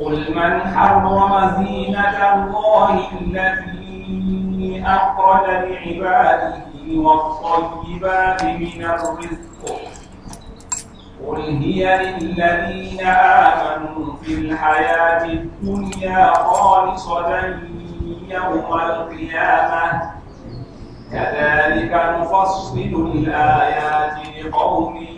قل من حرم زينة الله التي أخرج لعباده والطيبات من الرزق قل هي للذين آمنوا في الحياة الدنيا خالصة يوم القيامة كذلك نفصل الآيات لقوم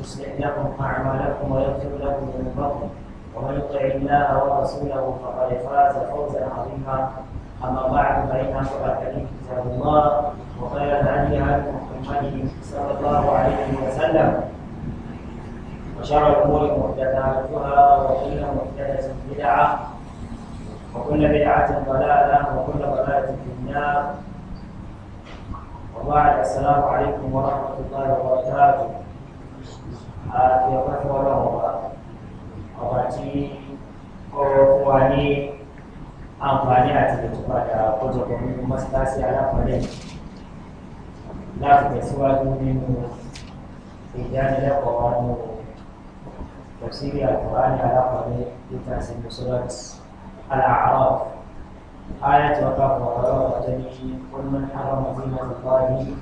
يصلح لكم أعمالكم ويغفر لكم ذنوبكم ومن يطع الله ورسوله فقد فاز فوزا عظيما أما بعد فإن اصبح الحديث كتاب الله وخير الهدي هدي محمد صلى الله عليه وسلم وشر الأمور محدثاتها وكل محدثة بدعة وكل بدعة ضلالة وكل ضلالة في النار وبعد السلام عليكم ورحمة الله وبركاته àti ọpẹ́ fún ọlọ́run ọba ọba tí ọrọ̀ fún wa ní àǹfààní àti ìtúpadà àkójọpọ̀ nínú mọ́síláṣí alápọ̀lẹ̀ láti tẹ̀síwájú nínú ìdánilẹ́kọ̀ọ́ wa nínú tafsiri alkurani alakwani littafin musulat al'araf ayat wa kafa wa rawa ta ni kullum harama zinatul bayi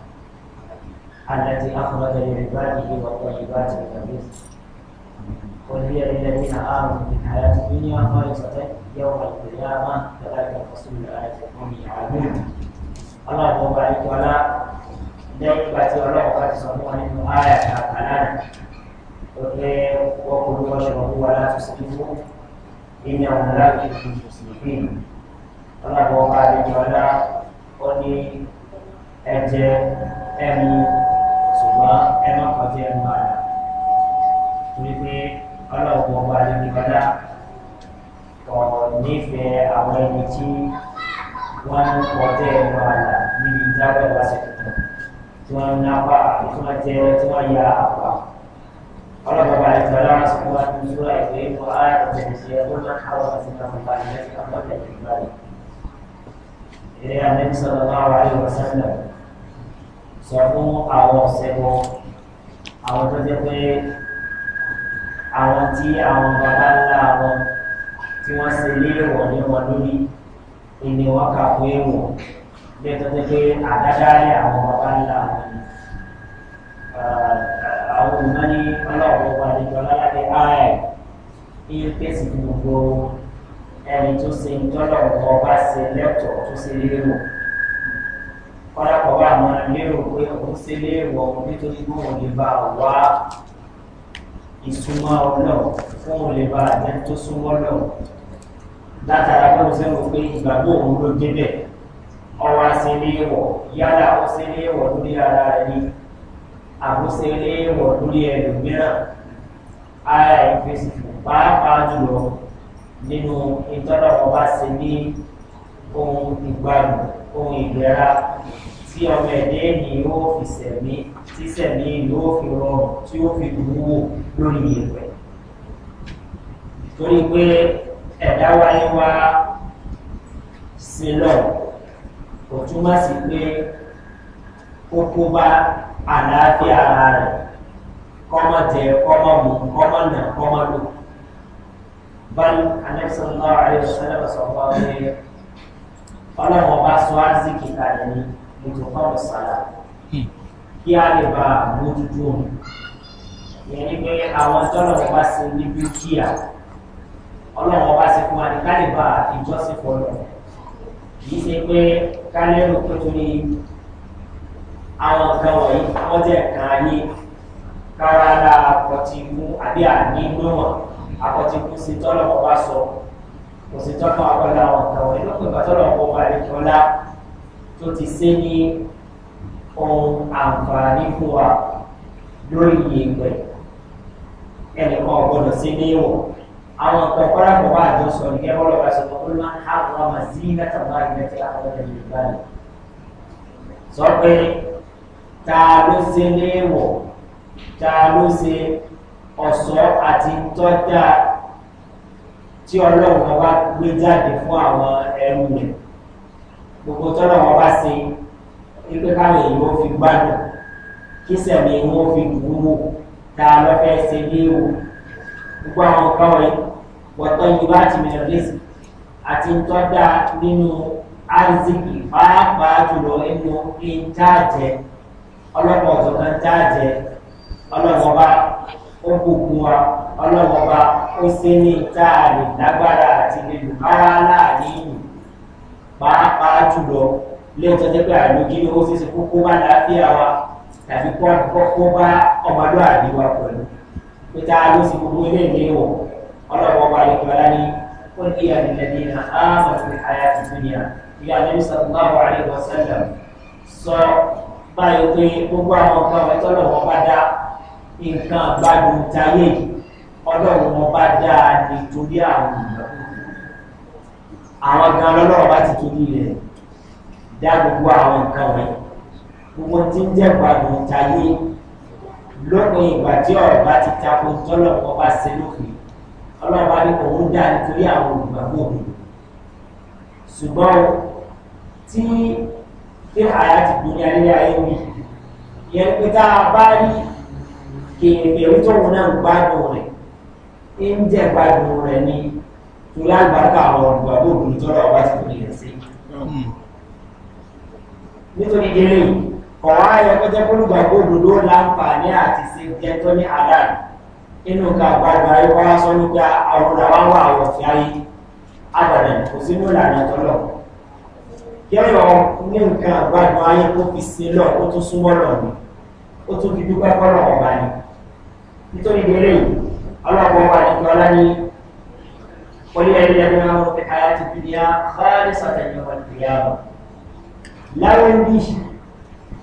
التي أخرج لعباده والطيبات من الرزق قل هي للذين آمنوا في الحياة الدنيا خالصة يوم القيامة كذلك الرسول الآية قوم يعلمون الله تبارك وتعالى nígbà tí ọlọ́run bá ti sọ fún wa nínú ààyè àkàlà ó pé wọ́n kò lówó ṣe wọ́n wá láti sí fún ìyẹn àwọn aláàbò tó ṣùgbọ́n ẹ má kọjá ẹnu àlà torí pé ọlọ́ọ̀gbọ̀n ọba adébíkọ́lá nífẹ̀ẹ́ àwọn ẹni tí wọ́n ń kọjá ẹnu àlà níbi ìdábẹ̀ lásìkò tí wọ́n ń nápa àti tí wọ́n jẹ́ tí wọ́n ya àpá. ọlọ́ọ̀gbọ̀n ọba adébíkọ́lá sọ wá ní ìṣúra ìwé ìwọ ààrẹ tó máa ń káwọn àti ìgbàgbọ́ àti ìgbàgbọ́ àti ìgbàgbọ́ sọ fún àwọn ọ̀sẹ̀bọ àwọn tó jẹ́ pé àwọn tí àwọn bàbá ńlá wọn tí wọ́n ṣe léèwọ̀ ní wọn lórí ìní wọn kà fún èèwọ̀ bí ẹ tó jẹ́ pé àdádálẹ̀ àwọn bàbá ńlá wọn ni àwọn olùmọ́ni ọlọ́ọ̀rọ̀ wà ní ìjọ lálẹ́ ààrẹ ní kọ́dàpọ̀ wà mọ́ lérò pé òun ṣe léèwọ̀ nítorí mọ́ òun lè bá wá ìsúnmọ́ ọlọ́ọ̀ fún òun lè bá àjẹ́ tó súnmọ́ lọ́ọ̀ látara pé òun ṣe rò pé ìgbàgbọ́ òun ló débẹ̀ ọwọ́ ṣe léèwọ̀ yálà ó ṣe léèwọ̀ lórí ara rẹ̀ ni àbúṣe léèwọ̀ lórí ẹlòmíràn ara ìfèsì pàápàá jùlọ nínú ìtọ́lọ́wọ́ bá ṣe ní ohun ìgbàlù ohun ìgbéra tí ọmọ ẹ̀dẹ́ ènìyàn ó fi sẹ̀mí tí sẹ̀mí ìlú ó fi rọrùn tí ó fi wúwo lórí ìwẹ̀. torí pé ẹ̀dá wáyé wá sí lọ kò túmọ̀ sí pé ó kó bá àlàáfíà ara rẹ̀ kọ́mọ jẹ kọ́mọ mú kọ́mọ nà kọ́mọ lò. báyìí anẹ́sọ̀lá àríwá sẹ́lẹ̀ sọ̀rọ̀ wá pé ọlọ́run ọba sọ á sí kìkà nìyí ìtòkọ́ ìsàlà hmm. kí a lè ba àmójútó òun ìyẹn pé àwọn tọ́lọ̀ bá ṣe níbi kíá ọlọ́run bá ṣe fún wa ní ká lè ba ìjọsìn fọlọ́ kìí ṣe pé ká lérò pé torí àwọn kan wọ̀nyí wọ́n jẹ́ kan ayé kárára akọ̀tìkú àbí àní gbọ́wọ̀n akọ̀tìkú sí tọ́lọ̀ ọba sọ kò sí tọ́lọ̀ ọba láwọn kan lọ́pọ̀ ìgbà tọ́lọ̀ ọba àdékọ́lá tó ti ṣe ní ohun àǹfààní fún wa lórí ìyẹ̀pẹ̀ ẹnìkan ọ̀gbọ́dọ̀ sí ní ìwọ̀ àwọn ọ̀pẹ̀ kọ́lákọ̀ bá àjọ sọ ní kẹ́kọ̀ọ́ lọ́ba sọ pé olùmọ̀ àwọn ọmọ sí mẹ́tàlá ìgbẹ́tẹ̀ àwọn ọmọ yorùbá rẹ̀ sọ pé ta ló ṣe ní ìwọ̀ ta ló ṣe ọ̀ṣọ́ àti tọ́jà tí ọlọ́run bá gbé jáde fún àwọn ẹrù rẹ̀ gbogbo tọ́nà wọn bá ṣe wípé káwọn èèyàn ó fi gbádùn kí sẹ̀mí wọn fi dùn wò tá a lọ fẹ́ ṣe bí wò gbogbo àwọn nǹkan wọ̀nyí wọ̀tọ́ yìí bá ti mìíràn lẹ́sì àti ntọ́jà nínú áìsíkì pàápàá jùlọ nínú ìjáàjẹ ọlọ́pàá ọ̀tọ̀kan jáàjẹ ọlọ́mọba ó gbogbo wa ọlọ́mọba ó ṣe ní ìtaàrí lágbára àti lílù rárá láàrin ìlú pàápàá jùlọ lẹ́yìn tó jẹ́ pé àìlójú ó ṣe ṣe kókó bá láàfíà wa tàbí kó bá ọmọlúwàbí wa pẹ̀lú pé tá a ló sì gbogbo ilé ìlé wọ̀ ọlọ́wọ́ wa yẹ kí ọlá ní ó ní ìyànilẹ́dẹ́ iná áàmù ti àyà ti dúnìá ìyá lórí sàmúláwọ̀ àríwá sẹ́lẹ̀ sọ báyìí pé gbogbo àwọn ọgbà wọn tọ́lọ̀ wọn bá dá nǹkan gbádùn táyé ọlọ́run wọn bá dá nítorí àwọn ìlọ́wọ́ àwọn gan lọ́lọ́rọ̀ bá ti torí rẹ̀ dá gbogbo àwọn nǹkan rẹ̀ gbogbo tí ń jẹ́ gbàdùn ìtayé lópin ìgbà tí ọ̀rọ̀ bá ti tako tọ́lọ̀pọ̀ bá ṣe lófin ọlọ́run bá ní òun dá nítorí àwọn olùgbàgbọ́ mi ṣùgbọ́n tí tí àyà ti dùn ní alẹ́ ayé mi yẹn pé tá a bá rí kèrèkèrè tóun náà gbádùn rẹ̀ ń jẹ́ gbádùn rẹ̀ ni torí àgbàrúkà àwọn olùgbàgbọ́ òdùnú tọ́lọ̀ ọba ti kò lè rẹ̀ sí. nítorí délé ọ̀rọ̀ ayọ̀ pẹ́jẹ́ olùgbàgbọ́ òdòdó láǹfààní àti ṣe jẹ́ tó ní àdáàrí nínú nǹkan àgbàgbà ayọ́wá sọ nípa àwọn làwọn àwọn ọ̀fẹ́ ayé àdàdà kò sí ní ìlànà tọ́lọ̀ yọ̀yọ̀ ní nǹkan àgbàgbà ayé kó fi sí lọ ó tún súnmọ́ lọ ni ó tún fi dúpẹ́ kọ́lọ̀ ọ̀bà ni nítorí délé ọlọ́pàá ọba nìkan ọlá ní وللذين آمنوا في الحياة الدنيا خالصة يوم القيامة láwọn bí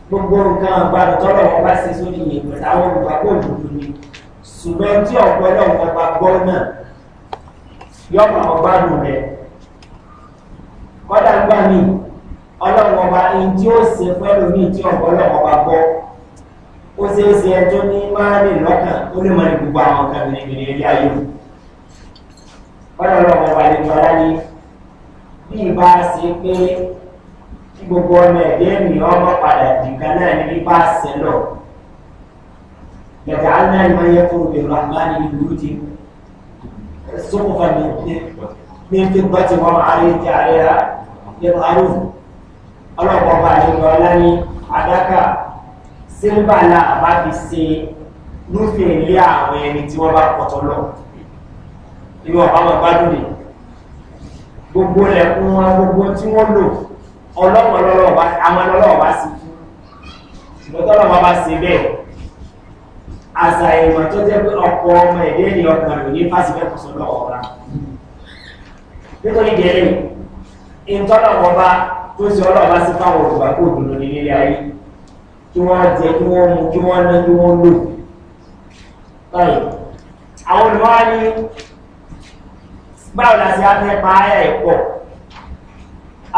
gbogbo nǹkan àgbàdo tọ́lọ̀ wọn bá ṣe sórí yẹn pẹ̀lú àwọn olùgbàgbọ́ òdodo ni ṣùgbọ́n tí ọ̀pọ̀lọ̀ wọn bá gbọ́ náà yọ̀pọ̀ ọgbàdùn rẹ̀ kọ́dà gbà mí ọlọ́run ọba ẹni tí ó ṣe pẹ́lú mí tí ọ̀pọ̀lọ̀ wọn bá gbọ́ ó ṣeé ṣe ẹjọ́ ní máa lọ́kàn ó lè mọ ní gbogbo àwọn kan nìyẹn ilé ayé ọlọ́run ọmọ wa lè tọ́lá ní bí ìbá ṣe pé kí gbogbo ọmọ ẹ̀dẹ́ ènìyàn ọmọ padà dìkan náà ní bíbá ṣe lọ yàtọ̀ alẹ́ náà ni wọ́n yẹ kúrò bẹ̀rù àgbáni ní ìlú ti sókòfà ní pé gbọ́ ti wọ́n àárẹ̀ ti àárẹ̀ rà nínú àárẹ̀ ọlọ́run ọba lè tọ́lá ní adáka sílvà náà bá fi ṣe lófin ilé àwọn ẹni tí wọ́n bá pọ̀tọ́ lọ́wọ́ ìwọ àwọn ìbádùn ni gbogbo lẹ̀kún wọn gbogbo tí wọ́n lò ọlọ́wọ́ lọ́wọ́ bá àwọn ọlọ́wọ́ bá sí fún ṣùgbọ́n tọ́lọ́wọ́ bá sí bẹ́ẹ̀ àṣà ìmọ̀ tó jẹ́ pé ọkọ̀ ọmọ ẹ̀dẹ́ ni ọkàn rẹ̀ ní fásitì kò sọ́dọ̀ ọ̀la nítorí ìdẹ́lẹ̀ ìtọ́lọ́wọ́ bá tó ṣe ọlọ́wọ́ bá sí fáwọn òṣùpá kó dùnú ní nílé ayé kí wọ́n jẹ kí wọ́n mu kí wọ́n ná kí wọ́n lò báyìí àwọn olùmọ́ báwo la ṣe á fẹ́ pa áyà ẹ̀ pọ̀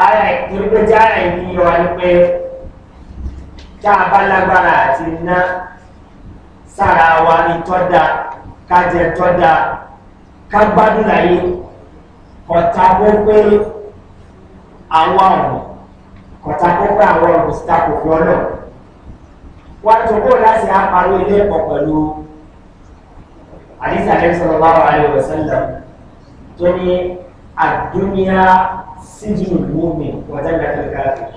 áyà ẹ̀ torí pé tí áyà ẹ̀ ní yọ wa ni pé tá a bá lágbára àti ná sára wa ni tọ́da ká jẹ tọ́da ká gbádùn láyé kọ̀tà kó pé àwọn ọ̀hún kọ̀tà kó pé àwọn ọ̀hún sí kò fi ọlọ́ wọ́n tó kó láti á parí ilé ẹ̀kọ́ pẹ̀lú àdìsí àdìsí ọlọ́wọ́ àlẹ́ òwòsàn lọ́wọ́ tó ní àdúnyá síjìnì lómi wọ́n jáde àtẹ̀lẹ́kàá rẹ̀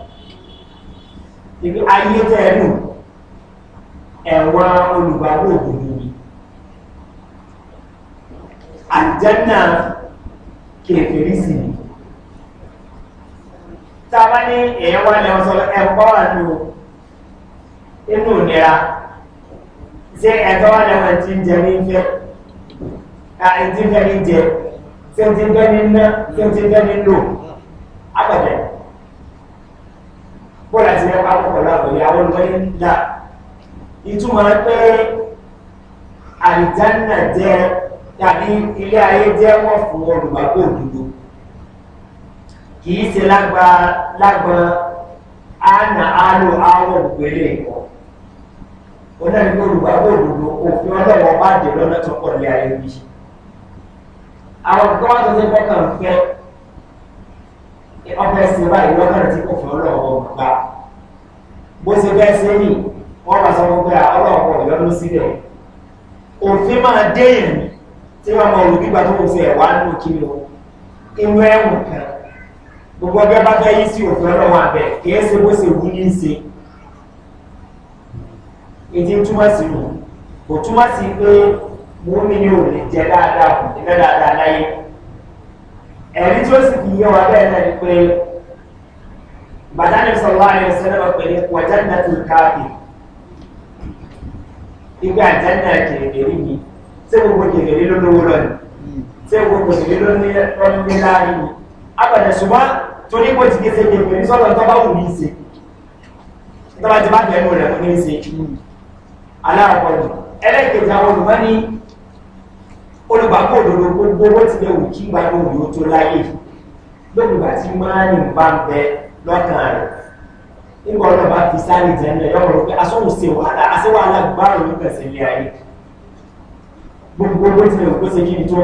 ibi ayé tẹ́ẹ̀lù ẹ̀wọ̀n olùgbàgbọ́ òdòdó ni àjẹ́nà kèfèrí sí ni tàbá ní èyàn wá lẹ́wọ́n sọ ẹ̀kọ́ wà ní o inú ìnira ṣé ẹ̀kọ́ wà lẹ́wọ́n tí ń tí ó ti ń dẹ́ni ná tí ó ti ń dẹ́ni lò ápẹ̀lẹ̀ bọ́ọ̀lù àti ẹ̀ka pọ̀lú àwọn ìyàwó ló ń là ìtumọ̀ pé àìjánà jẹ́ tàbí ilé ayé jẹ́ wọ́n fún olùgbàgbọ́ òdodo kì í ṣe lágbà lágbà ánà áàlò áwọ̀ òpèlè ẹ̀kọ́ onáìlú olùgbàgbọ́ òdodo òfin ọlọ́wọ́ bá dé lọ́nà tó pọ̀ lé ayé bíi àwọn nǹkan wá tó ṣe fẹ́ kàn fẹ́ ọ̀pẹ ẹ̀sìn báyìí wọ́n kàn tí kò fún ọlọ́wọ́ gbà bó ṣe fẹ́ ṣe yìí wọ́n máa sọ fún pé ọlọ́wọ́ ìyọnu sílẹ̀ òfin máa dé èmi tí wọ́n máa olùgbígbà tó ń ṣe ẹ̀wà nínú kíni o inú ẹ̀wọ̀n kan gbogbo ọgbẹ́ bá fẹ́ yí sí òfin ọlọ́wọ́ abẹ kìí ṣe bó ṣe wú ní í ṣe èdè túmọ̀ sí nù kò túmọ̀ sí pé mọ́mí ni ò lè jẹ dáadáa kò ní mẹ́ dáadáa láyé ẹ̀rí tí ó sì fi yé wa bẹ́ẹ̀ náà ni pé bàtà ní sọ̀rọ̀ ààrẹ sẹ́lẹ̀mọ̀ pé ní wàjá náà ti káàdì kèrèkèrè mi ṣé gbogbo kèrèkèrè ló lọ ni ṣé gbogbo kèrèkèrè ló ní lọ́nà láàrin mi abàdà ṣùgbọ́n torí pé ti kése kèrèkèrè sọ́dọ̀ tó bá wù mí ṣe tó bá ti bá bẹ̀rù rẹ̀ mú ní ṣe aláàkọ́jù ẹlẹ́kẹ̀ẹ́ta olùmọ́ olùgbàgbọ́ òdodo gbogbo owó ti lè wù kí gbàgbọ́ òdodo tó láyè lóògbà tí máa ń bá ń bẹ lọ́kàn rẹ̀ nígbà ọ̀nà bá fi sáré jẹ́ńdẹ̀ yọ̀rọ̀ ló pé asọ́hùn ṣe wàhálà àṣẹ wàhálà gbárùn ún kẹsẹ̀ ilé ayé gbogbo owó ti lè wù kó ṣe kí ni tó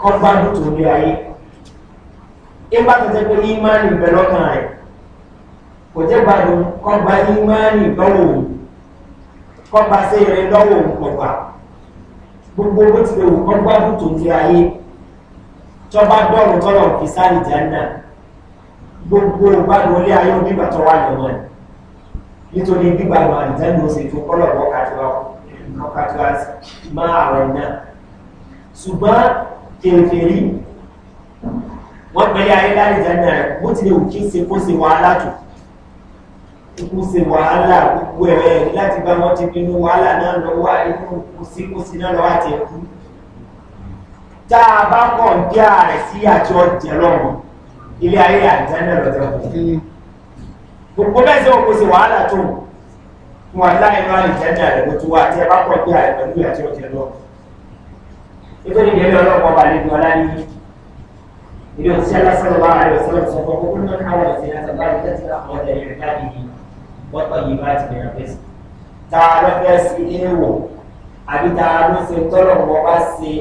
kọ́ gbádùn tó ní ayé ìgbà tó jẹ́ pé ìmáàlì bẹ lọ́kàn rẹ̀ kò jẹ́ gbádùn kọ́ gba ìmáàlì lọ́wọ́ òun kọ́ gba sí gbogbo owó ti lè wò kọ́ gbádùn tó ti ayé tọ́ba dọ́rùn tọ́lọ̀ fi sáàlì jẹ́ńdà gbogbo gbádùn olé ayé onígbà tó wà lọ́wọ́ ẹ̀ nítorí gbígbàgbọ́ àdìjẹ́nu ó sì tún kọ́lọ̀ wọ́ kájúwá má ààrẹ náà ṣùgbọ́n kèrèfèrè wọ́n pẹ̀lú ayé láàrin jẹ́ńdà rẹ̀ bó ti lè wò kí ṣe kó ṣe wàhálà tó ìkúse wàhálà gbogbo ẹ̀rẹ́ láti bá wọ́n ti bínú wàhálà náà lọ wá inú kùsíkùsí náà lọ wá ti ẹ̀kú tá a bá kọ̀ ń dí ààrẹ sí àti ọjà lọ́wọ́ ilé ayé àjánà lọ́jọ́ gbogbo bẹ́ẹ̀ sẹ́wọ̀n kò sí wàhálà tó fún wa láì lọ àjánà rẹ̀ kó tó wá tí a bá kọ̀ dí ààrẹ pẹ̀lú àti ọjà lọ́wọ́ ètò ìdílé ọlọ́pàá bá lè dùn ọlá ní ilé òṣìṣẹ́ lásán lọ́wọ́ àrẹ òṣìṣẹ́ lọ́wọ́ wọ́n pẹ̀lú ìmáàtì mìíràn fẹ́sì tá a lọ fẹ́ sí éèwọ̀ àbí tá a ló ṣe tọ́lọ̀ wọn bá ṣe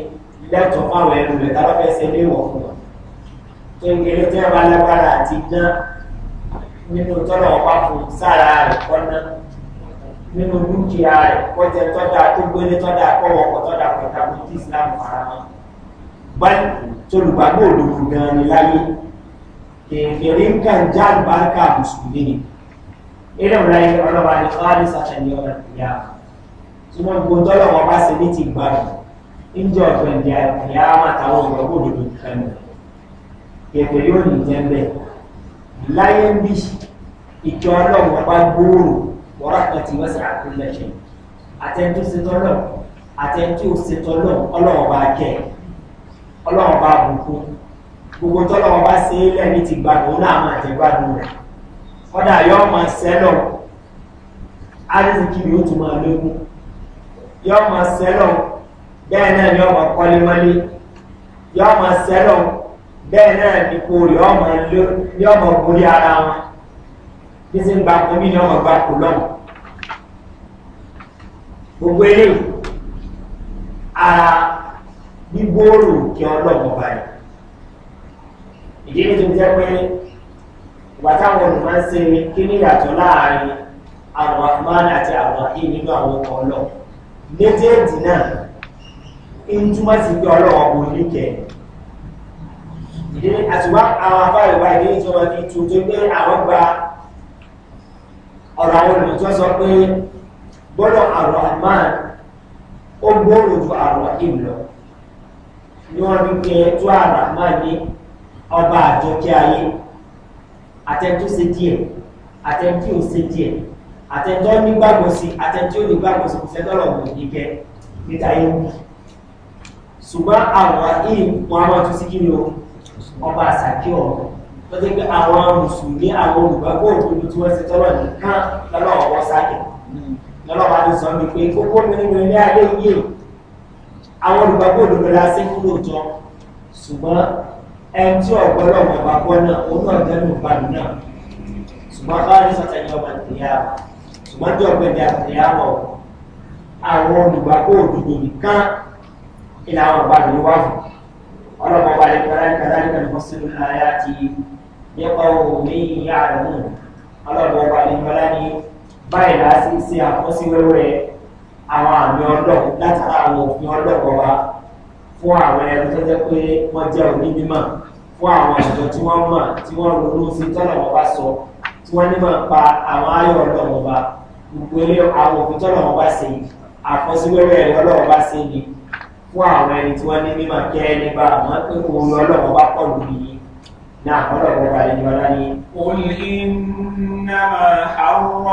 lẹ́tọ̀ọ́ fáwọn ẹrù rẹ̀ tá a lọ fẹ́ ṣe léèwọ̀ fún wọn tó ń kéré tí wọ́n bá lágbára àti dán nínú tọ́lọ̀ wọn bá fún sára rẹ̀ kọ́ná nínú dúkìá rẹ̀ kọ́tẹ tọ́jà tó gbélé tọ́jà kọ́wọ́kọ́ tọ́jà pẹ̀lú àwọn tí islam fara mọ́ báyìí tolùgbàgbọ́ òdòdó gan-an ni láyé kèfèrè ń kàn já àlùbáríkà mùsùlùmí nìkan eré ọ̀rẹ́ ọlọ́wà ní ọ́lá sàtẹ̀lẹ̀ ọ̀rẹ́ ìyá tí wọ́n gbogbo tọ́lọ̀ wọn bá ṣe ní ti gbàdùn níjọ ọ̀gbẹ̀ndì ìyá àmàtàwọn ọ̀rọ̀ òdòdó kẹnu kẹfẹ́ yóò ní jẹ́ bẹ́ẹ̀ láyé ń bí ìjọ ọlọ́wọ́ bá gbòòrò wọ́rọ̀ kan ti wọ́n sàrà kó lẹ́sẹ̀ àtẹ̀tù ṣetọ́lọ̀ àtẹ̀tù ṣetọ́lọ̀ ọlọ́wọ́ bá kẹ́ ọlọ́wọ́ bá bùkún gbogbo tọ́lọ̀ wọn bá ṣe é lẹ́ni ti gbàdùn náà àmàtẹ̀gbàdùn rẹ̀ ọ̀dà yọ́ ma sẹlọ arìsìkì ni ma sẹ́lọ̀ bẹ́ẹ̀ náà ni ọmọ kọ́lémọ́lé ma sẹ́lọ̀ bẹ́ẹ̀ náà ni kò borí ara wọn bí ń gba omi ní ọmọ gba kò gbogbo eléyìí ara gbígbóòrò kí ọlọ́mọba ìdí ni ìgbàtàwọn olùmọ̀ ń se ni kí ní ìyàtọ̀ láàrin arahman àti arahim nínú àwọn ọkọ̀ ọlọ́ méjèèjì náà ń túmọ̀ sí pé ọlọ́wọ́ kò ní kẹ́ ìdílé àtiwá àwọn afárá ìwà ìdílé fi tu tó gbé àwọn gba ọ̀rọ̀ àwọn olùmọ̀ sọ pé gbọ́dọ̀ arahman ó gbòòrò ju arahim lọ ni wọ́n fi pé tó arahman ní ọba àjọkẹ́ ayé àtẹ̀tú ṣe díẹ̀ àtẹ̀tú ò ṣe díẹ̀ àtẹ̀tọ́ nígbàgbọ́ sí àtẹ̀tú ò nígbàgbọ́ sí kò fẹ́ tọ́lọ̀ wò ní kẹ́ níta yóò wù ṣùgbọ́n àwọn ìyí wọn a máa tún sí kí ni o ọba àṣàkí ọ̀rọ̀ tó ti pé àwọn mùsùlùmí àwọn olùgbàgbọ́ òdodo tí wọ́n ti tọ́lọ̀ nìkan lọ́lọ́ ọ̀wọ́ sáyẹ̀ lọ́lọ́ wa ti sọ mi pé kókó mi nínú ilé ayé yìí àwọn olùgbàgbọ́ òdodo la ṣe kúrò jọ ṣùgbọ́n ẹni tí ọ̀pọ̀ lọ́wọ́ bá gbọ́ náà òun náà dẹ́nu ìbàdù náà ṣùgbọ́n bá ní sàtẹ̀yìn ọmọ ìtìyà ṣùgbọ́n jẹ́ ọ̀pẹ̀ ní àtìyà lọ àwọn olùgbàgbọ́ òdodo nìkan ìlà àwọn ìbàdù ni wá fún ọlọ́pàá wà ní kọ́lá ní kọ́lá ní kọ́lá sí ní àyà ti nípa òun ìyá rẹ̀ mú ọlọ́pàá wà ní kọ́lá ní báyìí fún àwọn ẹni tó jẹ́ pé wọ́n jẹ́ òní mímọ̀ fún àwọn àjọ tí wọ́n mọ̀ tí wọ́n ronú sí tọ́lọ̀ wọn bá sọ tí wọ́n nímọ̀ pa àwọn ayọ̀ ọlọ́wọ́n bá gbogbo eré àwọn òfin tọ́lọ̀ wọn bá ṣe àkọsíwẹ́rẹ́ ẹ̀rọ ọlọ́wọ́n bá ṣe ni fún àwọn ẹni tí wọ́n ní mímọ̀ kẹ́ nípa àmọ́ pé òun ọlọ́wọ́n bá pọ̀ lórí yìí نعم، قل إنما حرم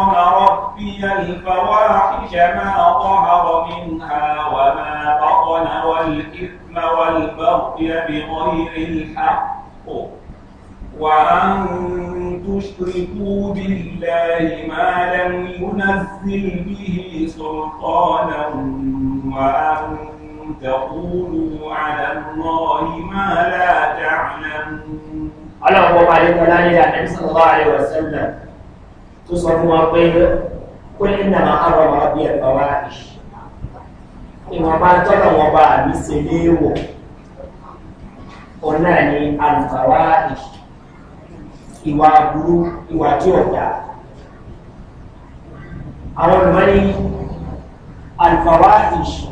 ربي الفواحش ما ظهر منها وما بطن والإثم والبغي بغير الحق وأن تشركوا بالله ما لم ينزل به سلطانا وأن تقولوا على الله ما لا تعلمون ọlọ́run ọba àdékọ́lá ní àdébí sọ̀rọ̀ àríwá sẹ́lẹ̀ tó sọ fún wa pé kó ní nàmà àrọ̀ wà bí ẹ̀fọ́ wa ìwọ̀nba tọ́lọ̀ wọn bá àbí ṣe léèwọ̀ ọ̀nà ní àlùfáwá ìwà burú ìwà tí ọ̀gá àwọn olùmọ́ni àlùfáwá ìṣù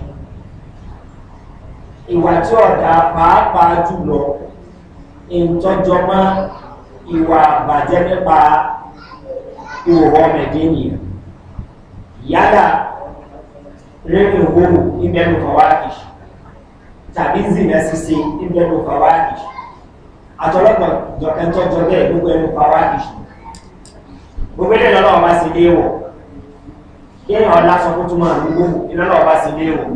ìwà tí ọ̀gá pàápàá jùlọ ìtọ́jọ mọ́ ìwà àbàjẹ́ nípa ìwòwò ọmọ ẹ̀dẹ́ ènìyàn yálà rírìn òwòwò ìbẹ̀rù kọ̀wáàkì tàbí zìnà ṣíṣe ìbẹ̀rù kọ̀wáàkì àtọ́lọ́pọ̀ ìjọkẹ́ntọ́jọ bẹ́ẹ̀ gbogbo ẹnu kọ̀wáàkì gbogbo ilé lọ́nà ọba sí ilé wọ̀ kí èèyàn lásọ kó túmọ̀ àdúgbò ilé ọba sí ilé wọ̀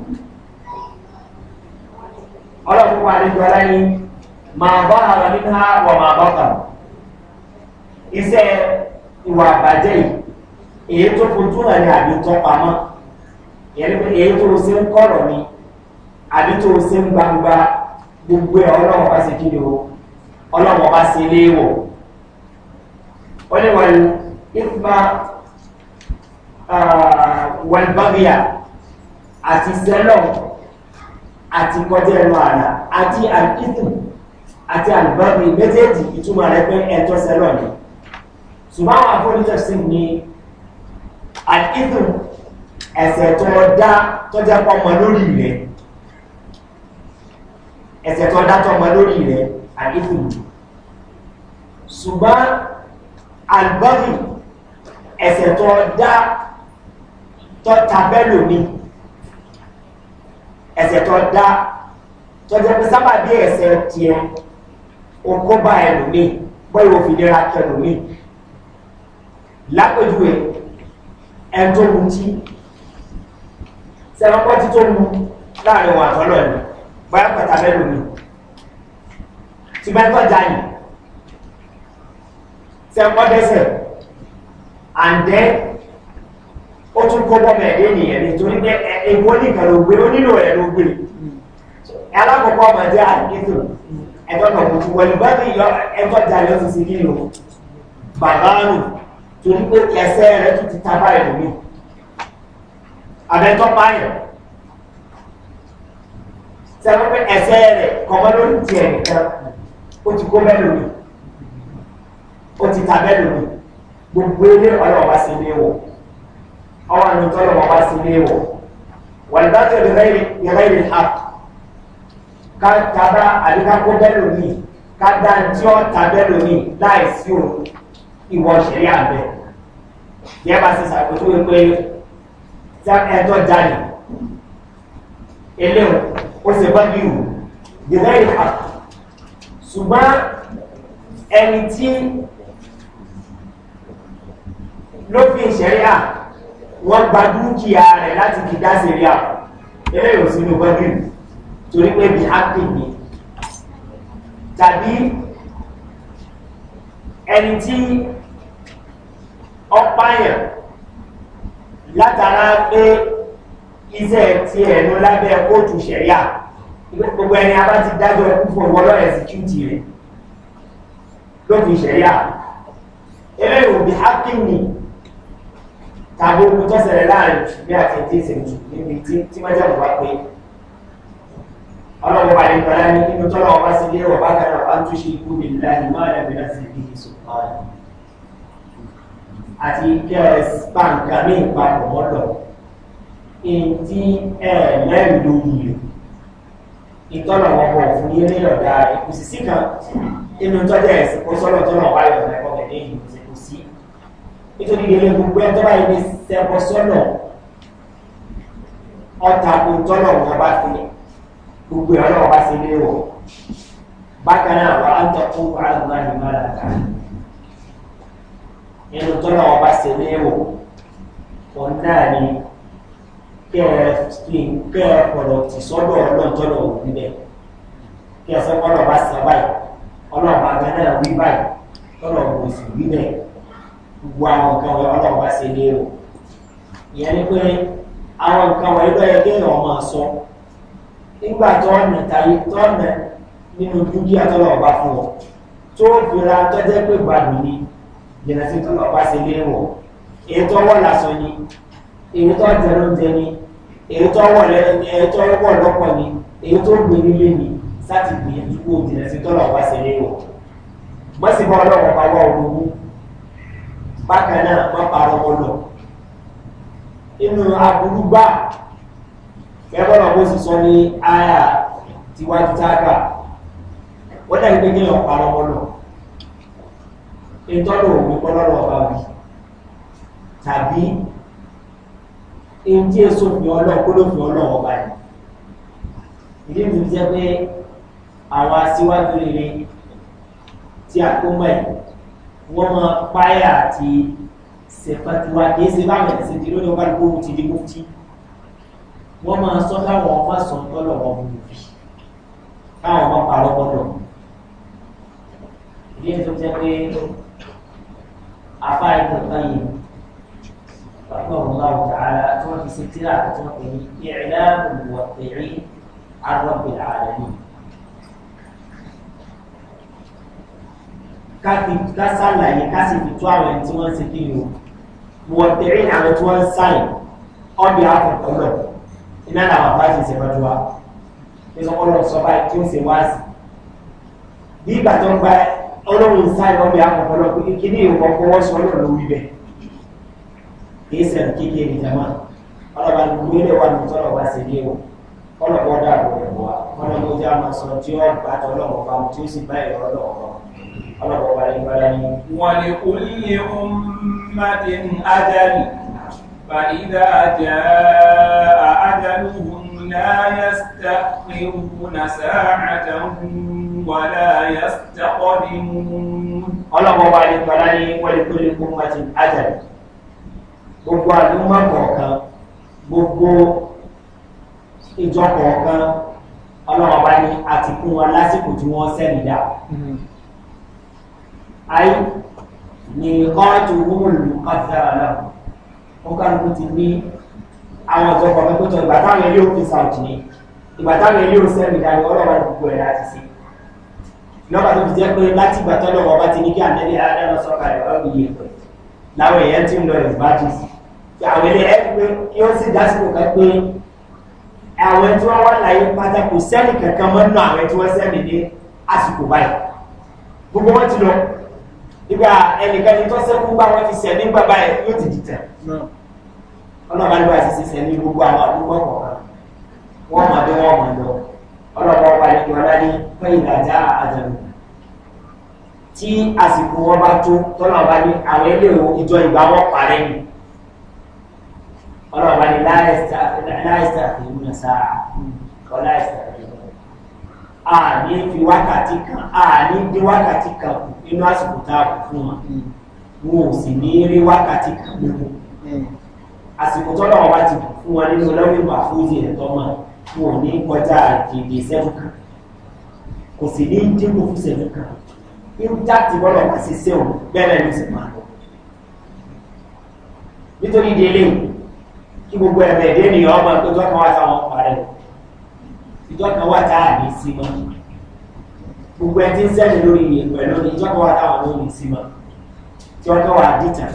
ọlọ́pàá àdéjọ aláyín máa bá ara a ká wọ ìwà àbàjẹ́ yìí èyí tó fojú hàn ní àbí tó èyí tó ṣe ń ni àbí tó ṣe ń gbangba gbogbo ẹ̀ ọlọ́wọ́ bá ṣe kí o ọlọ́wọ́ bá ṣe léèwọ̀ ní wọ́n àti àti àlùbọ́ọ̀bì méjèèjì ìtumọ̀ rẹ̀ pé ẹ̀tọ́ sẹ́lọ̀ ni ṣùgbọ́n àwọn afọ́nìtọ̀ sí ni àìkíkùn ẹ̀sẹ̀ tó dá tọ́jà pọ́mọ lórí rẹ̀ ẹ̀sẹ̀ tó dá tọ́mọ lórí rẹ̀ àìkíkùn ṣùgbọ́n àlùbọ́ọ̀bì ẹ̀sẹ̀ tó dá tọ́ta bẹ́lò ni ẹ̀sẹ̀ tó dá tọ́jà pé sábàbí ẹ̀sẹ̀ tiẹ̀ òǹkọ́ bá ẹlòmíì bọ́yì wọ́n fi nira kẹlòmíì lápẹjúwe ẹni tó mu tí sẹ́wọ́n pọ́tí tó mu láàrin wọn àtọ́lọ́ ẹ̀ bọ́yà pẹ̀tà mẹ́lòmíì tí bá ń tọ́jà yìí sẹ́wọ́n dẹ́sẹ̀ àǹdẹ́ ó tún kó bọ́ mẹ́ẹ̀dé nìyẹn nítorí pé ìwọ́n nìkan ló gbé ó nílò ẹ̀ ló gbé alákọ̀ọ́kọ́ ọmọdé àdìgbò ẹgbẹ́ náà kò tún wọlé bẹ́ẹ̀ ni yọ ẹgbẹ́ dalẹ̀ ó ti ṣe kí lò bàbá nù torí pé ẹsẹ̀ rẹ̀ tún ti tábà ẹ̀ lómi abẹ́tọ́ pààyàn sẹ́wọ́n pé ẹsẹ̀ rẹ̀ kọ́mọ́ lórí tiẹ̀ nìkan ó ti kó bẹ́ẹ̀ lómi ó ti ta bẹ́ẹ̀ lómi gbogbo ilé ọlọ́wọ́ sí ilé wọ̀ ọwọ́ àmì tọ́lọ́wọ́ wá sí ilé wọ̀ wàlúbàtẹ̀ lè rẹ́yìn lè ká tabá àbí ká kó bẹ́ẹ̀ lómi ká dá tí ó ta bẹ́ẹ̀ lómi láì sí òun ìwọ ṣẹ̀rí àbẹ̀. Yẹ́ bá ṣe ṣàpèjúwe pé ẹjọ́ jáde eléwọ̀n ó ṣe bá bí ìwò dìrẹ́ ìhà ṣùgbọ́n ẹni tí ló fi ìṣẹ̀rí à wọ́n gba dúkìá rẹ̀ láti fi dá sí rí à eléyìí ò sínú bá torí pé bí happy ni tàbí ẹni tí ọpáyàn látara pé iṣẹ́ ti ẹ̀nu lábẹ́ kóòtù sẹ̀ríà gbogbo ẹni a bá ti dájọ́ ẹkú fún ọwọ́ lọ́rẹ̀ síkúùtì rẹ̀ lófin sẹ̀ríà eléyìí òbí happy ni tàbí ogun tó ṣẹlẹ̀ láàrin ìṣùgbé àti ètè ìṣèlú níbi tí májàmù wá pé ọlọ́wọ́ àyíkọ́lá ní inú tọ́lọ́ ọba sí ilé ọba kára ọba tó ṣe ikú mi láì má dàbí láti fi ìsọ̀kan àti kẹ́ ẹ pàǹkà ní ìpapọ̀ mọ́lọ̀ ìdí ẹ̀ lẹ́yìn lórí rẹ̀ ìtọ́nà wọn bọ̀ fún yé ní ọ̀dà ikú sísí kan inú tọ́jà ẹ̀sìn kó sọ́lọ̀ tọ́nà ọba yọ̀ ẹ̀kọ́ kẹ̀kẹ́ yìí kò sí kò sí nítorí ilé gbogbo ẹ̀ tọ́ba yìí ní sẹ́kọ̀ sọ́nà ọ̀tà kò tọ́nà wọn bá fi gbogbo ẹ̀rọ ọba sí ilé wọ̀ bákan náà wà á ń tọ́kú àlùmá ní mọ́làkà nínú tọ́lá ọba sí ilé wọ̀ òun náà ni kẹ́ ẹ fi kẹ́ ẹ pọ̀lọ̀ tì sọ́dọ̀ ọlọ́ntọ́lọ̀ òun níbẹ̀ kí ẹ sọ́kọ́ ọlọ́ba sí ọba yìí ọlọ́ba gan náà wí báyìí tọ́lọ̀ òun sì wí bẹ́ẹ̀ gbogbo àwọn nǹkan wọ ọlọ́ba sí ilé wọ̀ ìyẹn ni pé àwọn nǹkan wọ̀ ẹgbẹ́ ẹgbẹ́ ọmọ sọ nígbà tó ọ̀nà tàyè tó ọ̀nà nínú dúkìá tó lọ bá fún ọ tó fira tó jẹ́ pé gbàdùn ni jìnnà sí tó lọ bá ṣe léwọ̀ èyí tó wọ̀ lásán ni èyí tó jẹ lóúnjẹ ni èyí tó wọ̀ lọ́pọ̀ ni èyí tó gbé nílé ni sáti gbìyànjú kó jìnnà sí tó lọ bá ṣe léwọ̀ mọ́sibọ́ ọlọ́wọ́ bá wà olówó bákan náà má parọ́ ọlọ́ inú aburú gbáà gẹ́gẹ́ bọ́lá ó sì sọ ní àyà tiwájú táàkà wọ́n dàbí pé kéèyàn parọ́ bọ́lọ̀ ìtọ́lù òwe bọ́lọ́lọ́ ọba wì tàbí èyí tí èso fi ọlọ́ọ̀ kó ló fi ọlọ́ọ̀ ọba yìí ìdí mi jẹ́ pé àwọn aṣíwájú rere tí a kó mọ́ ẹ̀ wọ́n máa páyà àti ṣèpàtiwa kì í ṣe báwọn ẹ̀sìn tí lónìí ó bá dúró ti di mufti wọ́n máa sọ káwọn ọmọ sọ tọ́lọ̀ ọmọ òbí káwọn ọmọ parọ́ gbọ́dọ̀ ìdí ètò jẹ́ pé afá ikọ̀ kan yìí bàbá òun láwùjọ tààrà tí wọ́n fi ṣe tíra àti wọ́n pè ní ìrìnà olùwọ̀tẹ̀rí arọ́bìnrin ààrẹ yìí. ká sàlàyé ká fi tó àwọn tí wọ́n ń kí ni o wọ̀tẹ̀rí àwọn tí wọ́n ń sàlẹ̀ ọ̀dẹ̀ àfọ̀tọ̀ lọ́wọ́ iná làwọn bá ti ṣèwájú wa ní sọ́kọ́lọ́ sọ́ba tí ó ṣe wá sí bí ìgbà tó ń gba ọlọ́run sáyẹn ọmọ ìyá kọ̀ọ̀kan lọ pé kíní ìwọ̀n kó wọ́n sọ lọ́rọ̀ lórí bẹ̀ kì í sẹ̀rù kékeré ìjàmá ọlọ́ba gbélé wa ní tọ́lọ̀ wá sí ilé wọn ọlọ́ba ọ̀dà àgbọ̀rẹ̀ wa ọlọ́ba ọjà máa sọ tí ó bá tọ́lọ́wọ́ bá mu tí ó sì bá ìrọ̀ lọ́wọ́ ọlọ́ba ọba ìgbàlá ni. wọn ni olú فإذا جاء أجلهم لا يستأخرون ساعة ولا يستقدمون ọlọ́wọ́ wa ni gbọ́dá ní wẹ́lẹ́kọ́lẹ́ kó máa ti ájàlẹ̀ gbogbo àdúgbò kọ̀ọ̀kan gbogbo ìjọ kọ̀ọ̀kan ọlọ́wọ́ wa ni àtìkún wa lásìkò tí wọ́n sẹ́ni dá ayé ní kọ́ńtù wúmùlù kọ́ńtù sára náà ọkàlùkù ti ní àwọn ìjọba mẹ́kọ́tọ̀ ìgbà táwọn ilé òfin sáàjì ni ìgbà táwọn ilé òsẹ́mi dání ọlọ́wà gbogbo ẹ̀ láti ṣe lọ́ba tó fi jẹ́ pé láti ìgbà tọ́lọ́ ọba ti ní kí àmẹ́lí adáná sọ́kà rẹ̀ ọ̀rọ̀ yìí pẹ̀ láwọn èèyàn ti ń lọ rẹ̀ bá jù sí àwọn ilé ẹ̀ pé kí ó sì dásìkò kan pé àwọn tí wọ́n wá láyé pátá kò sẹ́ni kankan mọ́ nù àwọn tí wọ́n sẹ́ni ní àsìkò báyìí gbogbo wọn ti lọ ọlọ́ba nígbà tí sísẹ ní gbogbo àwọn àdúgbò kọ̀ọ̀kan wọ́n máa bí wọ́n máa lọ ọlọ́ba ọba ní ìwọlá ní pé ìdájá àjẹmù tí àsìkò wọn bá tó tọ́lọ́ba ní àwọn ilé ìwò ìjọ ìgbà wọn parẹ́ ni ọlọ́ba ní láìsà ìlú náà sáà kọ́ láìsà ìlú àní fi wákàtí kan àní dé wákàtí kan kù nínú àsìkò tá a kù fún wọn wọn ò sì ní rí wákàtí kan gbogbo àsìkò tọ́lọ̀ wọn bá ti fún wọn nínú lọ́wọ́ àfúnjì rẹ̀ tọ́mọ wọn ò ní kọjá dèdè sẹ́fún kan kò sì ní dínkù fún sẹ́fún kan intact bọ́lọ̀ wá sí sẹ́wọ̀n bẹ́ẹ̀ ló sì máa lọ. nítorí délé kí gbogbo ẹ̀mẹ̀ èdè ènìyàn ọmọ tó tọ́ kan wá sáwọn parẹ́ ìjọ kan wá tá a sí mọ́ gbogbo ẹ ti ń sẹ́ni lórí ìyẹ̀pẹ̀ lónìí ìjọ kan wá táwọn lónìí sí mọ́ tí wọ́n kọ́ wá dìtàn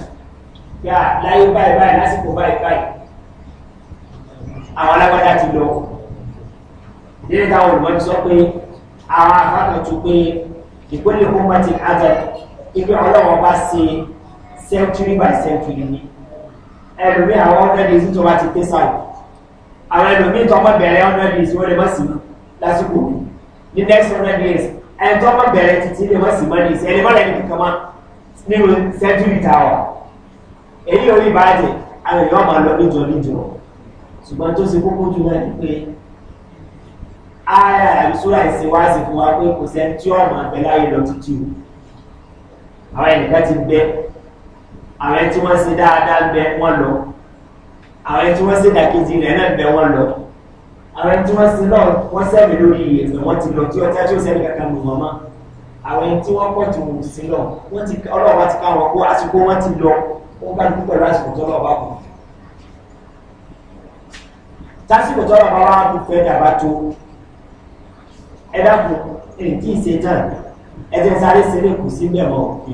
yà láyé báyìí báyìí lásìkò báyìí báyìí àwọn alágbádá ti lọ nínú táwọn olùmọ́ ti sọ pé àwọn afákan tó pé ìpínlẹ̀ kọ́mbà ti ájá ibi ọlọ́wọ́ bá se century by century ni ẹlòmí àwọn hundred years tó bá ti tẹ́ sáà àwọn ẹlòmí tó ọmọ bẹ̀rẹ̀ hundred years wọ́n lè má sí lásìkò ní next hundred years ẹni tó ọmọ bẹ̀rẹ̀ títí lè má sí mọ́ ní ìsẹ́ ẹni mọ́ lẹ́ni kankan mọ́ nínú century tower èyí ò rí báyìí àwọn èèyàn máa lọ níjọ níjọ ṣùgbọ́n tó ṣe kókó jù náà ni pé ara àìsúra ìsìn wá sí fún wa pé kò sẹ́ni tí ọ̀nà àbẹ̀láyé lọ títí o àwọn ẹnìkan ti bẹ àwọn ẹni tí wọ́n ṣe dáadáa bẹ wọ́n lọ àwọn ẹni tí wọ́n ṣe dàkejì rẹ̀ náà bẹ wọ́n lọ àwọn ẹni tí wọ́n ṣe náà wọ́n sẹ́mi lórí ìyẹ̀fẹ̀ wọ́n ti lọ tí ọjà tí ó sẹ́ni kankan lù wọ́n mọ́ àwọn ẹni tí wọ́n pọ̀ jù sí lọ ọlọ́run ti ká wọn kó àsìkò wọ́n ti lọ ó kálukú pẹ̀lú àsìkò tó lọ́wọ́ bá tásìkò tó lọ́wọ́ bá kú fẹ́ dàbá tó ẹ dákun èyí kì í ṣe tán ẹ jẹ́ sáré sílé kù sí bẹ́ẹ̀ mọ́ òkè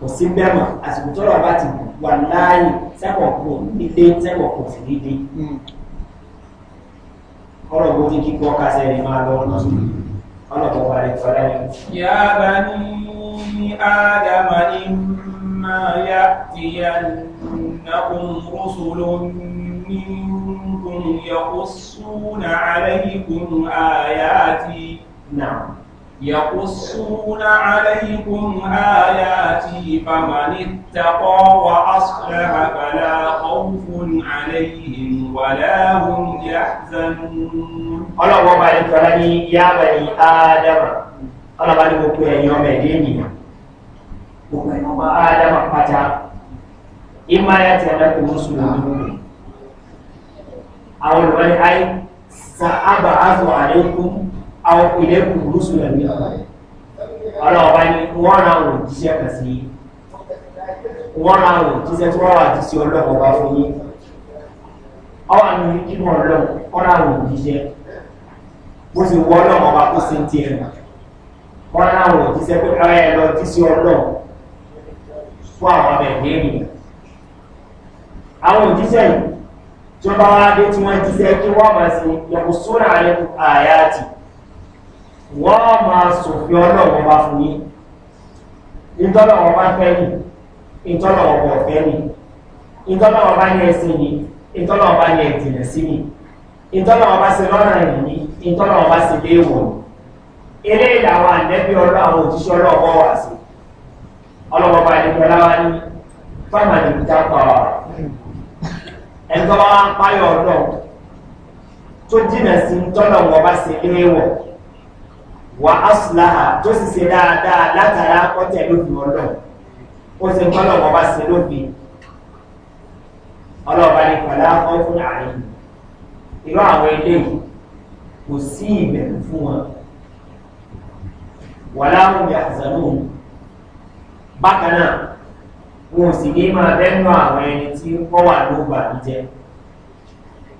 kò sí bẹ́ẹ̀ mọ́ àsìkò tó lọ́wọ́ bá ti wà láàyè sẹ́kọ̀ọ́ kò nílé sẹ́kọ̀ọ́ kò sí nílé ọ̀rọ̀ bó ní kíkọ́ kásẹ̀ ní máa lọ ọ̀nà ọ̀nà tó parí ọ̀dá yẹn. yàrá ní ádámà ní. إما يأتينكم رسل منكم يقصون عليكم آياتي نعم يقصون عليكم آياتي فمن اتقى وأصلح فلا خوف عليهم ولا هم يحزنون الله أكبر يا بني آدم الله بني أكبر يوم الدين dukkan ọmọ adama pátá ìmá ya ti aláko mùsùlùmí nínú àwọn olùwárí ayé sa ábà azọ àlékún àwọn ìlẹ́kùn mùsùlùmí ọ̀rọ̀ ọba ni wọ́n ra wò jíṣẹ́ kà sí wọ́n ra wò jíṣẹ́ tí wọ́n wà ti ṣe ọlọ́pàá wá fún yín ọwọ́ àwọn ìgbìmọ̀ ọlọ́pàá wọ́n ra wò jíṣẹ́ bó ti wọ́ ọlọ́pàá wá kó sí ti ẹ̀ wọ́n ra wò jíṣẹ́ pé ẹ lọ jíṣẹ́ ọlọ́pàá fún àwọn abẹ ìbéèrè rẹ̀ àwọn òjíṣẹ́ yìí tí wọ́n bá wá dé tí wọ́n jíṣẹ́ kí wọ́n máa ṣe yẹ̀kù sóra rẹ̀ àyà tì wọ́n máa sòfin ọlọ́wọ́ bá fún yín ìtọ́lọ́wọ́ bá fẹ́ yìí ìtọ́lọ́wọ́ bọ̀ fẹ́ yìí ìtọ́lọ́wọ́ bá ní ẹsẹ̀ yìí ìtọ́lọ́wọ́ bá ní ẹ̀jìnlẹ̀ sí yìí ìtọ́lọ́wọ́ bá ṣe lọ́nà yìí ìtọ́lọ́wọ́ bá ṣe léèwọ̀ eléyìí làwọn àǹdẹ́bí ọlọ́ àwọn òjíṣẹ́ ọlọ́wọ́ wà sí ọlọ́wọ́ bá ẹni pẹ̀lú àwọn ní fáìmàlì ìjà pa ẹ̀ńtọ́ bá ń páyọ̀ ọ̀dọ̀ tó jìnà sí tọ́lọ̀ wọ́n bá ṣe lé wọ̀ wà á sùláhà tó sì ṣe dáadáa látara ọ̀tẹ̀ lóbi ọ̀dọ̀ ó ṣe tọ́lọ̀ wọ́n bá ṣe lóbi ọlọ́ọ̀bá ní pẹ̀lú àwọn fún àárín irú àwọn ilé yìí kò sí ìbẹ̀rù fún wọn wà láwọn ìyàzánú bákan náà wọn ò sì ní máa bẹ́nu àwọn ẹni tí wọ́n wà ló bà mí jẹ́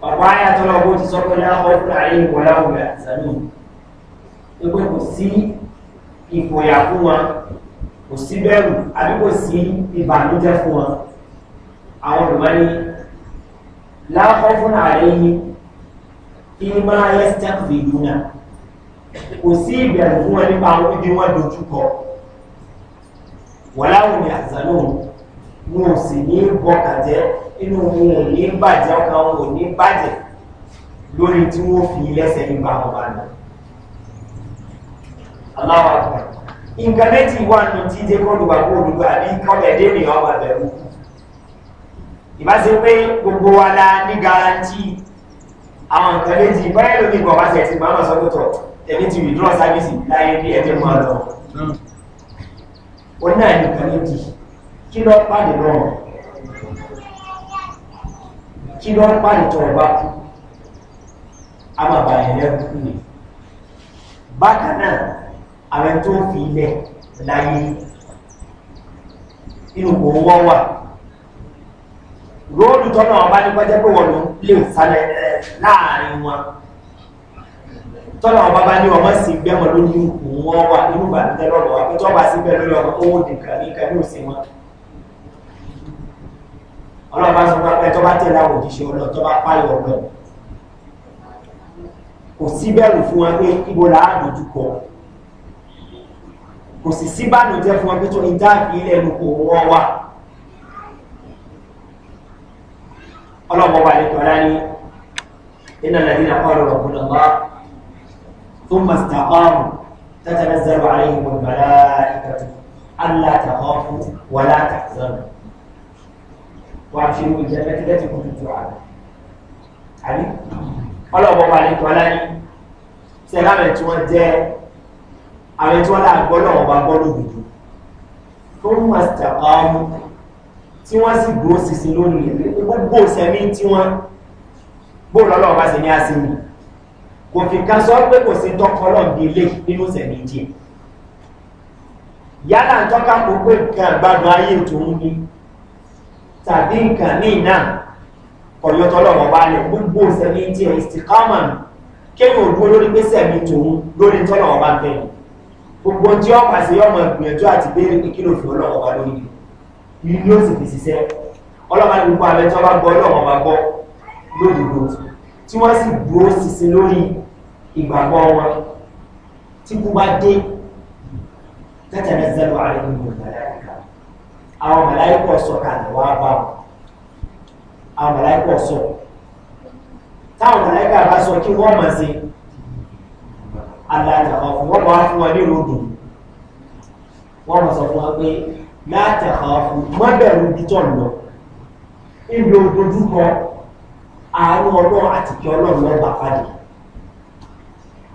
ọ̀pọ̀ ayé tó lọ́wọ́ ti sọ pé láwọn ọkùnrin ayé ìwọ láwọn ọ̀rẹ́ àtìsánú pé kò sí ìfòyà fún wọn kò sí bẹ́rù àbí kò sí ìbànújẹ́ fún wọn àwọn olùmọ́ni láwọn ọkùnrin ayé yìí kí ní máa yẹ stẹ́pù ìlú náà kò sí ìbẹ̀rù fún wọn nípa àwọn wọn dojú kọ wàláwùn ní àzánùn wọn ò sì ní bọkàjẹ́ inú wọn ò ní bàjẹ́ ọkàn wọn ò ní bàjẹ́ lórí tí wọ́n fi lẹ́sẹ̀ nípa wọn bá lọ. aláwọ̀ àgbà nǹkan wà ní jíjẹ kọlùwà kó olùgbà àbí kọlẹ̀ dé ní ọmọ bẹ̀rù ìbáṣe pé gbogbo wa la ní garanti àwọn nǹkan méjì báyẹ̀ lórí ìgbọ̀nwáṣẹ̀ ti gbọ́nà sọ́kòtò ẹ̀mí ti withdraw service láyé bí ẹ̀jẹ̀ mọ́ ọ lọ. Hmm òun náà nìkan méjì kí lọ́ pàdé lọ́rùn kí lọ́ pàdé tó ọba a máa bà yẹn lẹ́rù kú ni bákan náà àwọn tó ń fi ilẹ̀ láyé inú kò wọ́n wà róòlù tọ́nà ọba nípa jẹ́ pé wọ́n lè sálẹ̀ eh, láàrin wọn tọ́lá wọn bábá ní ọmọ sí gbẹ́mọ lórí ikùn wọn wà nínú ìbànújẹ́ lọ́rọ̀ wa pẹ́tọ́ bá sí bẹ́ẹ̀ lórí ọmọ owó nìkan nìkan ní òsè wọn. ọlọ́run bá sọ pé pẹ́tọ́ bá tẹ̀lé àwọn òjíṣẹ́ ọlọ́run tó bá páyọ̀ ọlọ́run. kò sí bẹ́ẹ̀rù sì sí bànújẹ́ fún wọn tó ní dáàbì ilẹ̀ ẹnu wọ́n wà. ọlọ́run wà ní ثم استقاموا تتنزل عليهم الملائكة ألا تخافوا ولا تحزنوا وأبشروا بالجنة التي كنتم توعدون àbí ọlọ́wọ́ wà ní tọ́lá ní ṣe láwọn tí wọ́n jẹ́ àwọn tí wọ́n náà gbọ́dọ̀ ọba gbọ́dọ̀ gbogbo tó ń wọ́n ti ọmọ tí wọ́n sì gbó sisi lónìí gbogbo sẹ́mi tí wọ́n gbó lọ́lọ́ ọba sì ní àsìmí kò fi ká sọ pé kò sí tọkọlọ délé nínú sẹ̀mí jì yálà ń tọ́ka kó pé nǹkan àgbàdo ayé tòun ni tàbí nǹkan míì náà kọ̀yọ́tọ́ lọ́wọ́ bá lẹ̀ gbogbo sẹ̀mí jì ẹ̀ ìsìkámà kéwòn òdúró lórí pé sẹ̀mí tòun lórí tọ́lọ́wọ́ bá bẹ̀rẹ̀ gbogbo tí ọ pàṣẹ ọmọ ìgbìyànjú àti béèrè kíkìlò fún ọlọ́wọ́ bá lórí yìí ni ó sì fi ṣiṣẹ́ ọlọ́wọ́ ní gbogbo abẹ́tọ́ ìgbàgbọ́ wọn tí kú bá dé tẹ́tẹ̀lé zẹ́lú ààrẹ nínú ìmọ̀láyàkà àwọn mọ̀láyàkọ̀ sọ kalẹ̀ wá bá wọn àwọn mọ̀láyàkọ̀ sọ táwọn mọ̀láyàkà bá sọ kí wọ́n mọ̀ sí alájà kan fún wọn bá fún wọn ní ròdò wọn mọ̀ sọ fún wọn pé látẹ̀ kan fún wọn bẹ̀rù bítọ̀ lọ ìlú ojojúkọ àánú ọlọ́run àti ọlọ́run lọ́ọ́ fàdé.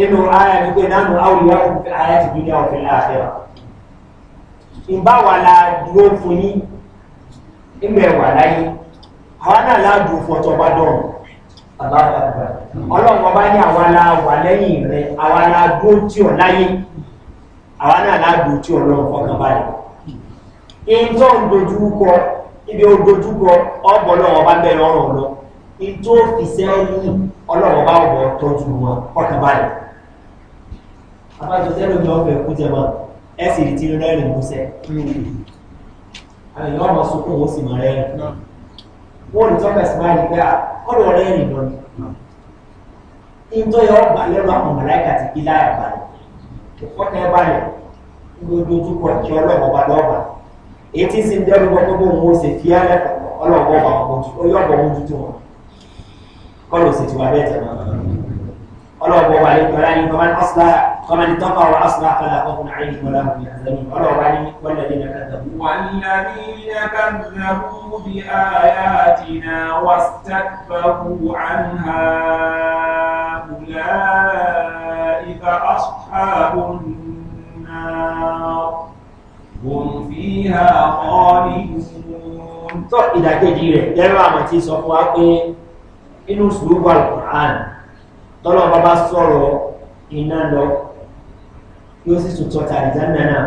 nínú ayà ní pé nánú áwùyá òkú ti bí ní ọ̀fẹ́ láàfẹ́ ìbá wà láàdúró fún yín nígbẹ̀ wà láyé àwọn náà láàdù fọ́tọ̀ bá dọ̀rùn ọlọ́run ọba ní àwa la wà lẹ́yìn rẹ àwa la dúró tí ọ̀ láyé àwa náà la dúró tí ibi ọgbọ abájọ tẹ́lẹ̀ ní ọ̀fẹ́ kú jẹ mọ́ ẹ sì rí ti rẹ́rìn músẹ́ àyàn ọmọ sunkún ó sì mọ rẹ́rìn wọ́n ní tọ́pẹ̀ sí máa ní pé ah, ọ̀dọ̀ rẹ́rìn lọ ni ìjọ yọ ọgbà lẹ́nu àwọn mọ̀láìkà ti bí láyà balẹ̀ ìfọ́tẹ́ balẹ̀ gbogbo ojúkọ̀ kí ọlọ́wọ́ bá lọ́ọ̀bà èyí tí ń sin dẹ́rù bọ́ gbogbo òun ó ṣe fi فمن اتقى واصلح فلا خوف عليهم ولا هم يحزنون والذين كذبوا والذين كذبوا باياتنا واستكبروا عنها اولئك اصحاب النار هم فيها خالدون tó ìdàkejì rẹ̀ dẹ́rọ àmọ̀ tí sùúrù wà lọ́kùnrin tọ́lọ́ bá sọ̀rọ̀ iná lọ yóò sì tún tọ́ta àlìjánà náà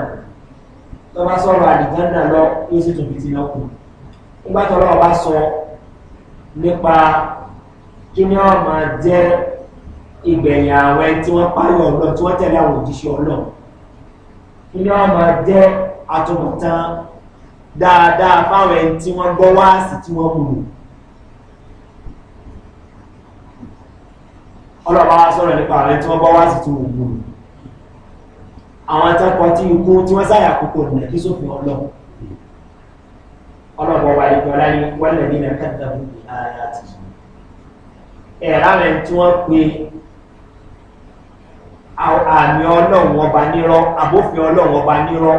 tó bá sọ̀rọ̀ àlìjánà lọ yóò sì tún fìtí náà kù nígbà tó lọ́wọ́ bá sọ nípa kí ni wọ́n máa jẹ́ ìgbẹ̀yìn àwọn ẹni tí wọ́n páyọ̀ ọ̀lọ́ tí wọ́n tẹ̀lé àwọn òjíṣẹ́ ọlọ́ kí ni wọ́n máa jẹ́ atúmọ̀tán dáadáa fáwọn ẹni tí wọ́n gbọ́ wáàsì tí wọ́n mú un. wa sọ̀rọ̀ nípa àwọn ẹni tí wọ́n gbọ́ wáàsì tí wọ́n mú àwọn atakọ tí ikú tí wọ́n sáyà kókó rẹ̀ kí sófin ọlọ́run ọlọ́bọ̀ wa ìjọra ní wọ́lẹ̀ nínú ẹ̀kẹ́dàbù ara ti ẹ̀rá rẹ̀ tí wọ́n pe àmì ọlọ́run ọba nírọ́ àbófin ọlọ́run ọba nírọ́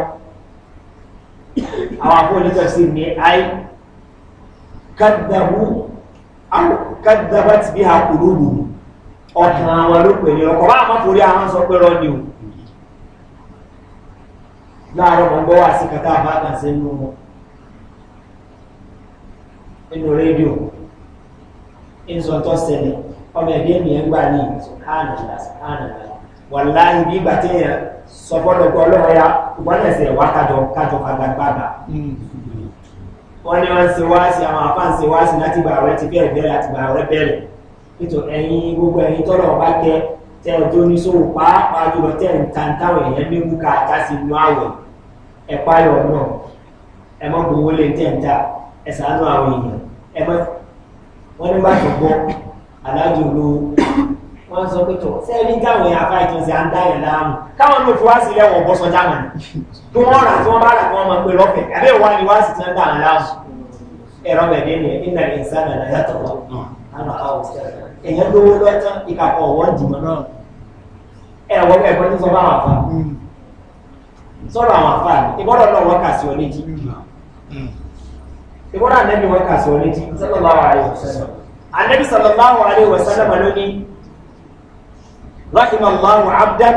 àwọn afọ́nitọ́ sí ní àì kẹ́dàbù kẹ́dàbù ti bí àkùrù ọkàn àwọn olóòpẹ̀ ní ọkọ̀ bá àwọn forí àwọn sọ pé rọ́ ni o láàárọ̀ mọ̀ ń gbọ́ wá sí kàtà àbá kan sí inú wọn inú rédíò ìzọ̀tọ̀ sẹ̀lẹ̀ ọmọ ẹ̀dí ènìyàn gbà ní ìtùkánàlá wà láì ya ìgbọ́n ẹ̀sẹ̀ wá kájọ kájọ kagagbága wọ́n ní wọ́n ń se wáàsí àwọn afá ń se wáàsí láti gbà rẹ ti bẹ́ẹ̀ bẹ́ẹ̀ láti gbà rẹ bẹ́ẹ̀ nítorí ẹ̀yin gbogbo ẹ̀yin tọ́lọ̀ ọba jẹ tẹ́ ọjọ́ oníṣòwò pàápàá jùlọ tẹ́ ń ta táwọn èèyàn inú àwẹ̀ ẹ̀páyọ̀ náà ẹ mọ́ gbowó lé tẹ̀ǹtà ẹ sàánú àwọn èèyàn ẹ mọ́ wọ́n ní bàtọ̀ gbọ́ aláàjì olówó wọ́n sọ pé tọ̀ sẹ́ẹ̀rí káwọn èèyàn afá ìjọsìn à ń dá yẹn láàmú káwọn ló fi wá sí ẹ̀wọ̀n bọ́ sọjá mọ̀ ní tó wọ́n rà tí wọ́n bá rà kí wọ́n máa pè lọ́fẹ̀ẹ́ àbẹ́ ìwà ni wá sí ti ń dà wọn láàmú ẹ̀rọ bẹ̀rẹ̀ ni ìnà ìsànà láyàtọ̀ wọn èèyàn lówó lọ́tàn ìkàkọ̀ ọ̀wọ́ jùmọ̀ náà ẹ̀wọ̀n ẹ̀gbọ́n tó sọ bá wà fà sọ́rọ̀ àwọn àfáàní ìbọ́dọ̀ náà wọ́n kà sí ọ létí hmm. ìbọ́dọ̀ ànẹ́bí wọ́n kà sí ọ létí sọ́lọ́láwà àríwọ̀sẹ́lẹ̀ ànẹ́bí sọ́lọ́láwà àríwọ̀sẹ́lẹ̀ mọ̀ lónìí rahim allahu abdan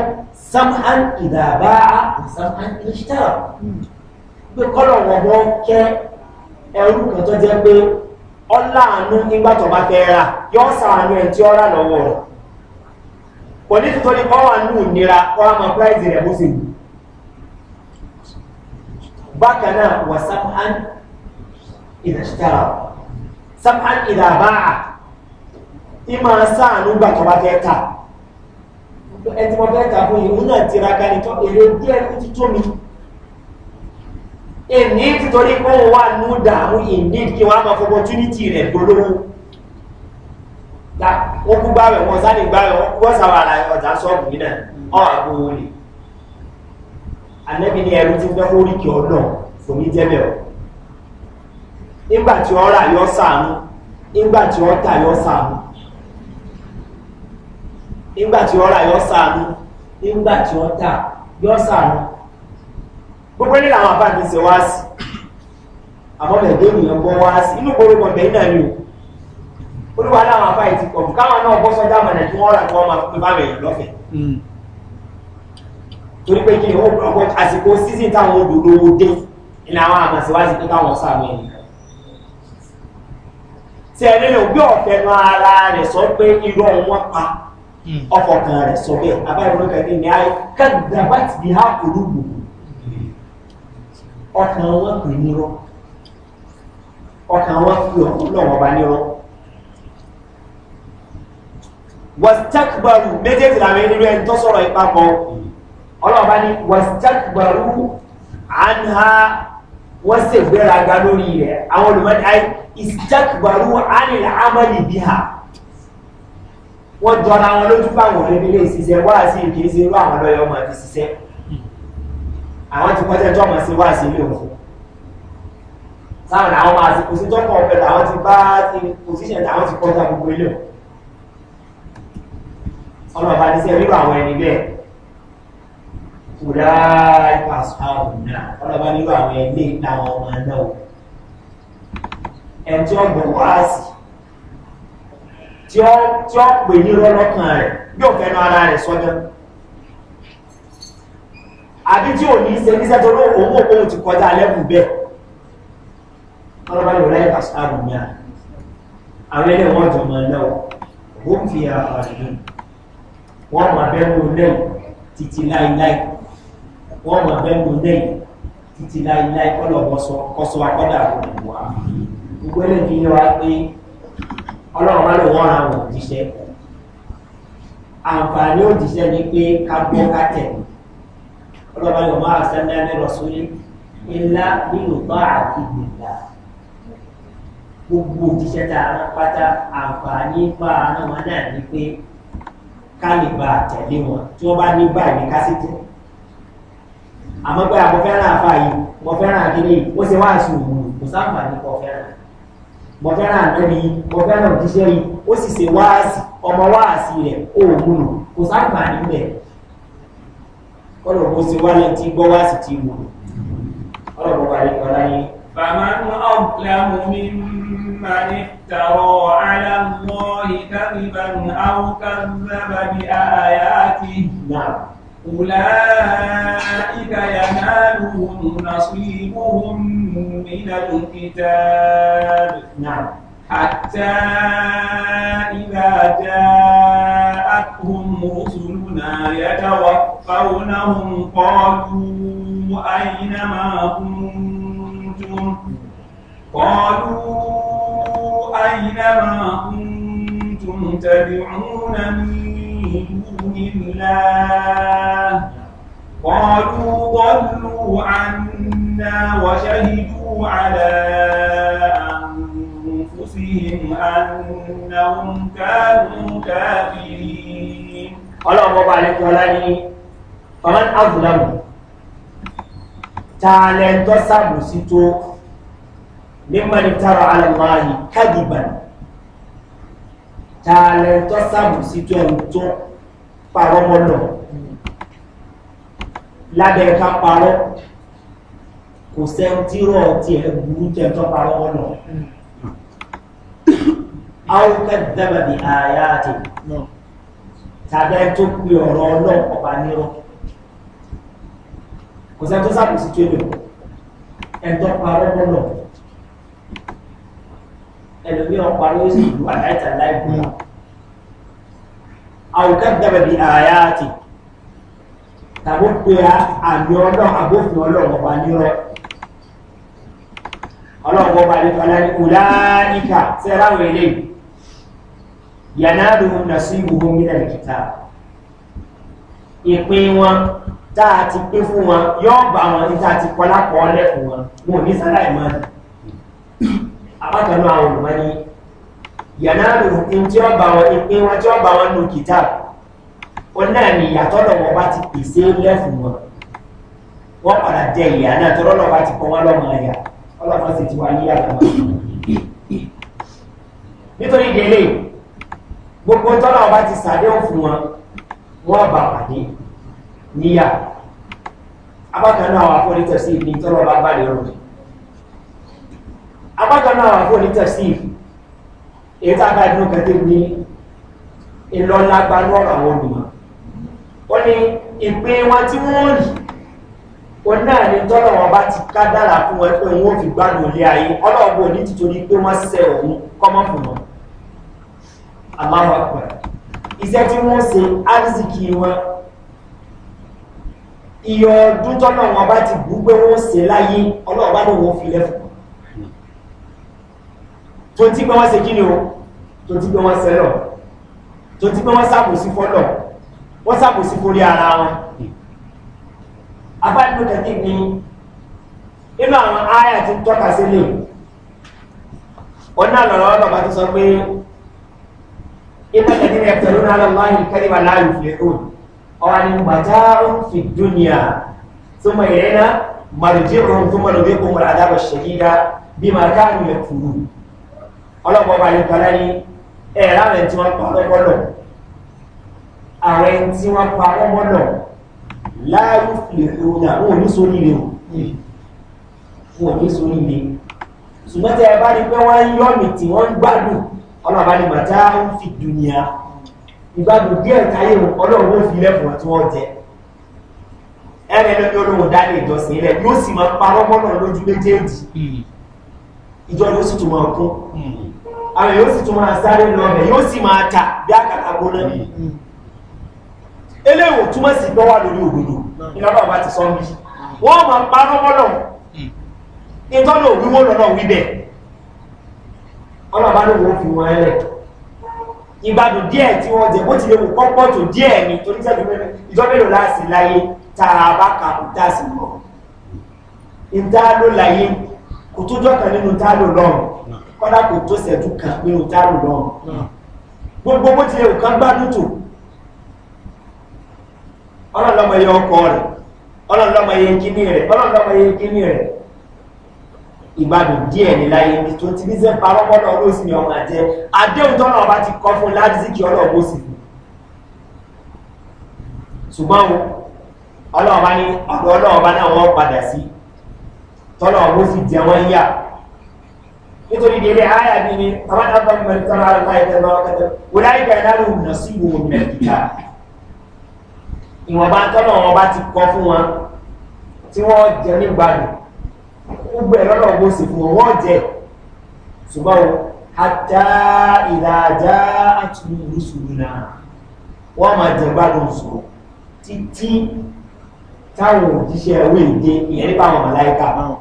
sam'an idaba'a sam'an ishtara pé kọ́lọ̀ wọn bọ́ kẹ́ ẹrú kan tó jẹ́ pé bákan náà wà samhan ìdàṣítara samhan ìdàbáà ìmọ̀ sáànù gbà tó bá fẹ́ ta ẹni mo fẹ́ ta fún yìí òun náà tiraka ni tó èrè díẹ̀ ní tító mi èmi títorí pé òun wà nù dààmú indeed kí wọ́n á máa fọ opportunity rẹ̀ dolówó ta ó kú gbáwẹ̀ wọn sáré gbáwẹ̀ wọn kú ọ̀sà wàrà ọ̀dà sọ́ọ̀bù yìí náà ọ̀ àbúrò ni ànábì ni ẹrú ti fẹ́ mórí kí ọ náà kò ní jẹ́ bẹ́ẹ̀ o nígbà tí ọ rà yọ sàánú nígbà tí ọ tà yọ sàánú nígbà tí ọ rà yọ sàánú nígbà ọ tà yọ sàánú gbogbo ní làwọn àbá ṣe wá sí àmọ́ lẹ́gbẹ́ ènìyàn bọ́ wá sí inú gbogbo ọ̀gbẹ́ náà ni o olúwa láwọn àbá yìí ti kọ̀ káwọn náà bọ́ sọ́jà mọ̀nà kí wọ́n rà kí wọ́n máa pín bá mẹ́yìn lọ́fẹ̀ẹ́. Hmm torí pé kí ni ọkọ̀ àsìkò season táwọn olùdó dé ní àwọn àmàṣíwájú pé káwọn sàmì ènìyàn tí ẹni lè gbé ọ̀fẹ́ nu ara rẹ̀ sọ pé irọ́ wọn pa hmm. ọkọ̀ kan rẹ̀ sọ bẹ́ẹ̀ abáyọ̀ ló kẹ́kẹ́ ní ayé kẹ́gbẹ́ bá ti di hákòlù wò ọkàn wọn pè ní irọ́ ọkàn wọn fi ọ̀hún lọ́wọ́ bá ní irọ́ wọ́n tẹ́kùbọ̀rù méjèèjì làwọn ẹni rẹ̀ ń tọ́ sọ̀rọ̀ ìpapọ̀ ọlọ́ọ̀bá ní wàsíjákìgbàrú àníhà wọ́n sì gbéraga lórí rẹ̀ àwọn olùmọ̀dé ayé ìsíjákìgbàrú àníhà amẹ́lì bí ha wọ́n jọra wọn lójú báwọn olè nílé ìṣiṣẹ́ wá sí ìdí ìṣe irú àwọn lọ́yọ́ máa fi ṣiṣẹ́ àwọn ti pọ́tẹ́ tọ́ máa ṣe wá sí ilé òkú sáwọn àwọn máa ti kò sí àwọn ẹni bẹ́ẹ̀ kùdà ìpàṣàwò náà ọlọ́ba nílò àwọn ilé ìtawọ̀ ọmọ náà ẹni tí ó gbọ́ wáàsì tí ó pè ní rọ́lọ́kàn rẹ̀ yóò fẹ́nu ara rẹ̀ sọ́jọ́ àbí tí ò ní ṣe níṣẹ́ tó ló òun ò kóhun ti kọjá lẹ́kùn bẹ́ẹ̀ ọlọ́ba nílò láì pàṣàwò náà àwọn ẹlẹ́ wọ́n jọ máa lọ́wọ́ ó ń fi àpàdé wọn máa bẹ́ẹ̀ lọ lẹ́yìn títí láíláí wọ́n mọ̀ bẹ́ẹ̀ ló lẹ́yìn títí láíláí kọ́lọ̀ kọ́sọ akọ́dà àbùkù wa gbogbo ẹlẹ́yìn fi yẹ wa pé ọlọ́run wá lè wọ́n ra àwọn òjíṣẹ́ àǹfààní òjíṣẹ́ ni pé ká gbọ́ ká tẹ̀ ọlọ́run yóò máa sẹ́ńdá ní rọ̀súlẹ̀ ńlá nínú bá àti ìgbìlá gbogbo òjíṣẹ́ tá a rán pátá àǹfààní bá a rán wọn náà ni pé ká lè bá a tẹ̀lé wọn tí wọ́n bá ní báyìí ká sì tẹ̀lé àmọ́ pé àbọ̀ fẹ́ràn àfa yìí mo fẹ́ràn àdínní ó ṣe wá sí òun kò sáǹfà ní kọ fẹ́ràn mo fẹ́ràn àdínní mo fẹ́ràn òjíṣẹ́ yìí ó sì ṣe wáàsì ọmọ wáàsì rẹ̀ òògùn kò sáǹfà níbẹ̀ kọ́lọ̀ kó ṣe wá lẹ́tí gbọ́ wáàsì ti wù ọ̀rọ̀ bọ̀ wáyé kọ́lá yìí. فمن أظلم ممن افترى على الله كذبا أو كذب بآياته نعم أولئك ينالهم نصيبهم من الكتاب نعم حتى إذا جاءتهم رسلنا يتوفونهم قالوا أين ما كنتم قالوا أين ما كنتم تدعون من الله قالوا ضلوا عنا وشهدوا على أنفسهم أنهم كانوا كافرين قال أبو عليك ولاني فمن أظلم تعالى تسامو ستو ممن افترى على الله كذبا تعالى تسامو ستو parọ́ mọ́lọ̀ lábẹ́ ká parọ́ kò sẹ́hun tí rọ̀ tí ẹ burú tẹ́ tọ́ parọ́ mọ́lọ̀ àwọn kẹ́dẹ́bẹ̀ bí ààyà àti tàbí ẹ tó pe ọ̀rọ̀ ọlọ́ọ̀pá nírọ̀ kò sẹ́hun tó sàkóso tó lè ẹ tọ́ parọ́ mọ́lọ̀ ẹlòmíràn parọ́ sí ìlú àdáìtà láìpẹ́ أو kadaba bi ayati tàbí pé àmì ọlọ́run àbófin ọlọ́run ọba nírọ́ ọlọ́run ọba nìkan ní ọláníkà sẹ́ráwọ̀ ilé yànáàlú nàṣí ìwúwo mílẹ̀ nìkìtà ìpín wọn tá a ti pín fún wọn yóò bá wọn ní tá a ti kọ́ lápọ̀ ọlẹ́kùn wọn wọn ní sáláì mọ́ abákanú àwọn olùmọ́ ní yanaru ntí ọba wọn ìpín wọn tí ọba wọn nù kìtà ó náà ní ìyàtọ̀ lọ́wọ́ bá ti pèsè lẹ́fù wọn wọ́n padà jẹ ìyá náà tọ́lọ́ lọ́wọ́ bá ti pọ́n wọn lọ́mọ ẹ̀yà ọlọ́mọ sì ti wá yí àtàwọn. nítorí délé gbogbo tọ́lọ́ ọba ti sàdéhùn fún wọn wọ́n bà pàdé níyà abákan àwọn afọ́nítẹ̀sí ní tọ́lọ́ bá lè rọrùn abákan àwọn afọ́nítẹ̀sí ní èyí tá a bá dúró kẹtẹ ní ìlọlágbánú ọ̀rọ̀ àwọn olùmọ̀ ó ní ìpín wọn tí wọ́n yìí ó náà ní tọ́lọ̀ wọn bá ti ká dára fún wọn pé wọ́n fi gbádùn ilé ayé ọlọ́ọ̀bù òní ti torí pé wọ́n ṣe òun kọ́mọ́ fún wọn aláwọ̀ iṣẹ́ tí wọ́n ṣe áìsìkì wọn iye ọdún tọ́lọ̀ wọn bá ti bú pé wọ́n ṣe láyé ọlọ́ọ̀bá ló wọ́n fi lẹ́fọ̀ọ́ tó ti pé wọ́n ṣe kí ni o tó ti pé wọ́n sẹ́lọ̀ tó ti pé wọ́n sàkóso fọ́lọ̀ wọ́n sàkóso forí ara wọn. abáyọ̀ kẹ́kẹ́ ni inú àwọn áyà ti tọ́ka sílẹ̀ ọ̀nà lọ́rọ̀ ọlọ́ba ti sọ pé iná kẹ́kẹ́ ni ẹ̀fẹ̀ lónà aláwọ̀ kẹ́kẹ́ wà láàyò fìlẹ̀ òun ọ̀rọ̀ ni gbàtà ń fi dúnìá tó mọ̀ ìrẹ́nà màrùjẹ́ òun tó mọ̀ lóbi kó mọ̀ ọlọ́pọ̀ ọba ní kọlá ní ẹ̀rá rẹ̀ tí wọ́n pa lọ́gbọ́lọ̀ ààrẹ tí wọ́n pa lọ́gbọ́lọ̀ láàrú fìlèfìlónà wọn ò ní sórí ilé wọn ò ní sórí ilé ṣùgbọ́n tẹ́ ẹ bá ní pé wọ́n ń yọ́ mi tí wọ́n ń gbádùn ọlọ́ọ̀bá ní màtá ń fi dùnìyà ìgbádùn díẹ̀ káyé ọlọ́run ó fi lẹ́fùn tí wọ́n jẹ ẹ̀rẹ́ lọ́dún olóhùn dálé ìjọsìn rẹ̀ yóò sì máa parọ́ mọ́nà lójú méjèèjì ìjọ ló sì tún máa kún àwọn yóò sì tún máa sáré lọ ẹ̀rẹ̀ yóò sì máa ta bí àkàtà gbóná ni eléwò túmọ̀ sí gbọ́wà lórí òdodo nígbà bàbá ti sọ bí wọ́n máa parọ́ mọ́lọ̀ ìtọ́nà òwúwo lọ́nà wíbẹ̀ ọlọ́ba ló wọ́n fi wọn ẹlẹ̀ ìgbàdùn díẹ̀ tí wọ́n jẹ bó ti lè wù kọ́pọ̀ tó díẹ̀ ni torí tẹ́lẹ̀ mẹ́rin ìjọba láti láyé tààrà bá kàkú tá ìdá ló láyé kò tó jọ́ kan nínú táàlù lọ́rùn kọ́dá kò tó sẹ̀dú kan nínú táàlù lọ́rùn gbogbo bó ti lè kán gbádùn tò ọlọ́lọ́mọ yẹ ọkọ rẹ̀ ọlọ́lọ́mọ yẹ kíní rẹ̀ ọlọ́lọ́mọ yẹ kíní rẹ̀ ìgbádùn díẹ̀ ní láyé ní tó ti níṣẹ́ parọ́pọ́ náà ló sì ní ọmọ àjẹ́ àdéhùn tọ́nà ti kọ́ fún ládìsíkì ọlọ́ọ̀bó fún ṣùgbọ́n ọlọ́ọ̀bá ní ọ̀dọ̀ ọlọ́ọ̀bá náà wọ́n padà sí tọ́lọ̀ ọ̀hún sì jẹ wọ́n yá nítorí délé ayà bí ni àwọn àbá mi mẹ́rin tọ́lọ̀ àrùn láyé tẹ́lẹ̀ wọ́n kẹtẹ́ wọ́n láyé bẹ̀rẹ̀ náà lòun nà sí ìwò mẹ́tìkà ìwọ̀nba tọ́lọ̀ wọn bá ti kọ́ fún wọn tí wọ́n jẹ nígbàdùn gbogbo ẹ̀rọ náà wọ́n sì fún wọn wọ́n jẹ ṣùgbọ́n ata ìlàjà àtúnú ìrúsùlù náà wọ́n máa jẹ gbádùn sọ̀rọ̀ títí táwọn òjíṣẹ́ owó ìyẹn nípa àwọn màláìka báwọn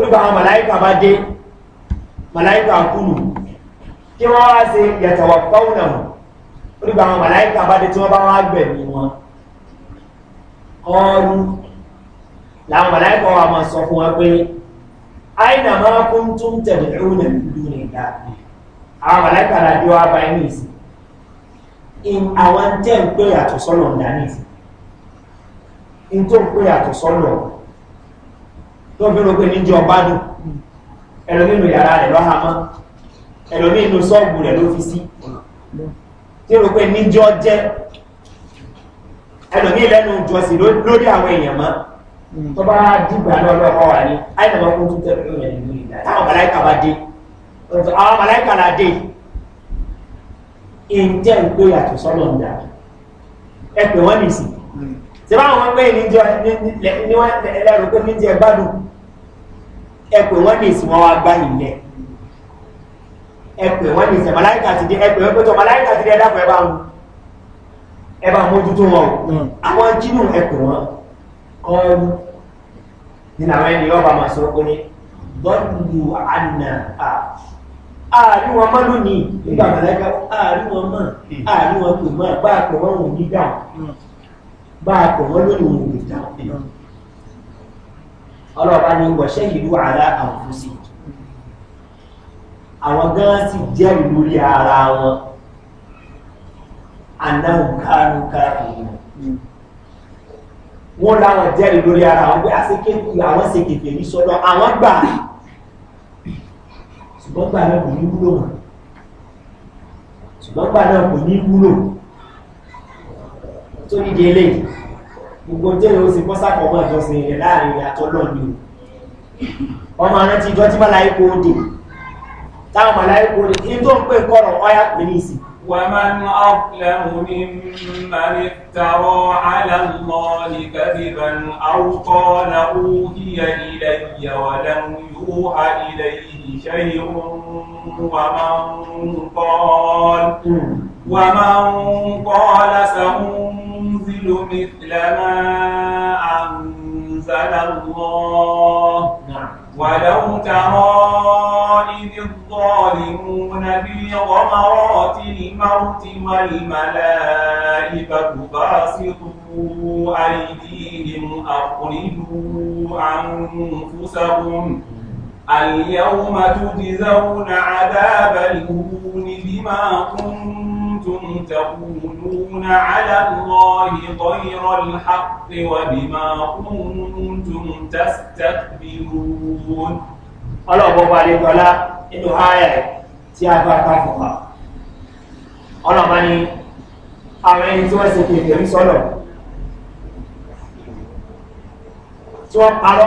nígbà àwọn màláìkà bá dé màláìkà kúlù kí wọ́n wá ṣe yàtọ̀wọ̀ pọ́ùnà nígbà àwọn màláìkà bá dé tí wọ́n bá wá gbẹ̀mí wọn ọrú làwọn màláìkà wà máa sọ fún wọn pé àìnà máa kún tún tẹ̀lé ìrúnà ìlú nìta àwọn màláìkà là dé wá bá inú ìsìn àwọn tẹ́ ń pè yàtọ̀ sọ́nà ọ̀dà ń tó ń pè yàtọ̀ sọ́nà tó fi rògbé ní jọ bá dùn ẹ̀rọ nínú yàrá rẹ̀ lọ́ha mọ́ ẹ̀rọ nínú sọ́ọ̀bù rẹ̀ ló fi sí tí rògbé níjọ jẹ́ ẹ̀rọ ní lẹ́nu ìjọsìn lórí àwọn èèyàn mọ́ tó bá dìgbà lọ́lọ́kọ́ wà ní àìsàn kó tún tẹ̀lé ìrìn ìlú ìgbà táwọn màláìka bá dé àwọn màláìka là dé ìjẹ́ ìpè yàtọ̀ sọ́nà ń ẹ pè wọ́n nìsí ṣé báwọn pé ní wọ́n gbádùn ẹ pè wọ́n ní ìsìn wọn wá gbá ilẹ̀ ẹ pè wọ́n ní ìsìn màláìkà ti dé ẹ pè wọ́n pé tó ti dé ẹ dákun ẹ bá ń ẹ bá mójútó wọn o hmm. àwọn jínú ẹ pè wọ́n kọ́ọ̀lù nínú àwọn ẹni ọba máa sọ pé bọ́ọ̀lù àná à ààrí wọn mọ́ lónìí nígbà màláìkà ààrí wọn mọ́ ààrí wọn pè mọ́ bá a pè wọ́n wò ní dáhùn hmm. bá a pè wọ́n lónìí wò ní dáhùn. Hmm ọlọ́ọ̀bá ni wọ̀ṣẹ́ ìlú àlá àǹfúsì àwọn gan sì jẹ́ lórí ara wọn anáhùnkánú káàkiri wọn láwọn jẹ́rìí lórí ara wọn pé àṣekè àwọn ṣe kèfè ní sọ́dọ̀ àwọn gbà ṣùgbọ́n gbà náà kò ní wúlò gbogbo jẹ́rẹ̀ ó sì bọ́ sàkọ̀mọ́ ìjọsìn rẹ̀ láàrin rẹ̀ àtọ́lọ́ ni ọmọ rẹ̀ ti jọ tí bá láyé kó dé táwọn ọmọ láyé kó dé ní tó ń pè kọ́rọ̀ ọyá pè ní ìsìn. ومن أظلم ممن افترى على الله كذبا أو قال أوهي إلي ولم يوحى إليه شيء ومن قال ومن قال سأنزل ينزل مثل ما أنزل الله نعم. ولو ترى إذ الظالمون في غمرات الموت والملائكة باسطوا أيديهم أخرجوا أنفسهم اليوم تجزون عذاب الهون بما كنتم كنتم تقولون على الله غير الحق وبما كنتم تستكبرون ọlọ́ọ̀bọ̀ bá lè gbọ́lá nínú ààyè tí a bá bá fún wa ọlọ́ọ̀bá ni àwọn ẹni tí wọ́n ṣe kéèké ń sọ́lọ̀ tí wọ́n parọ́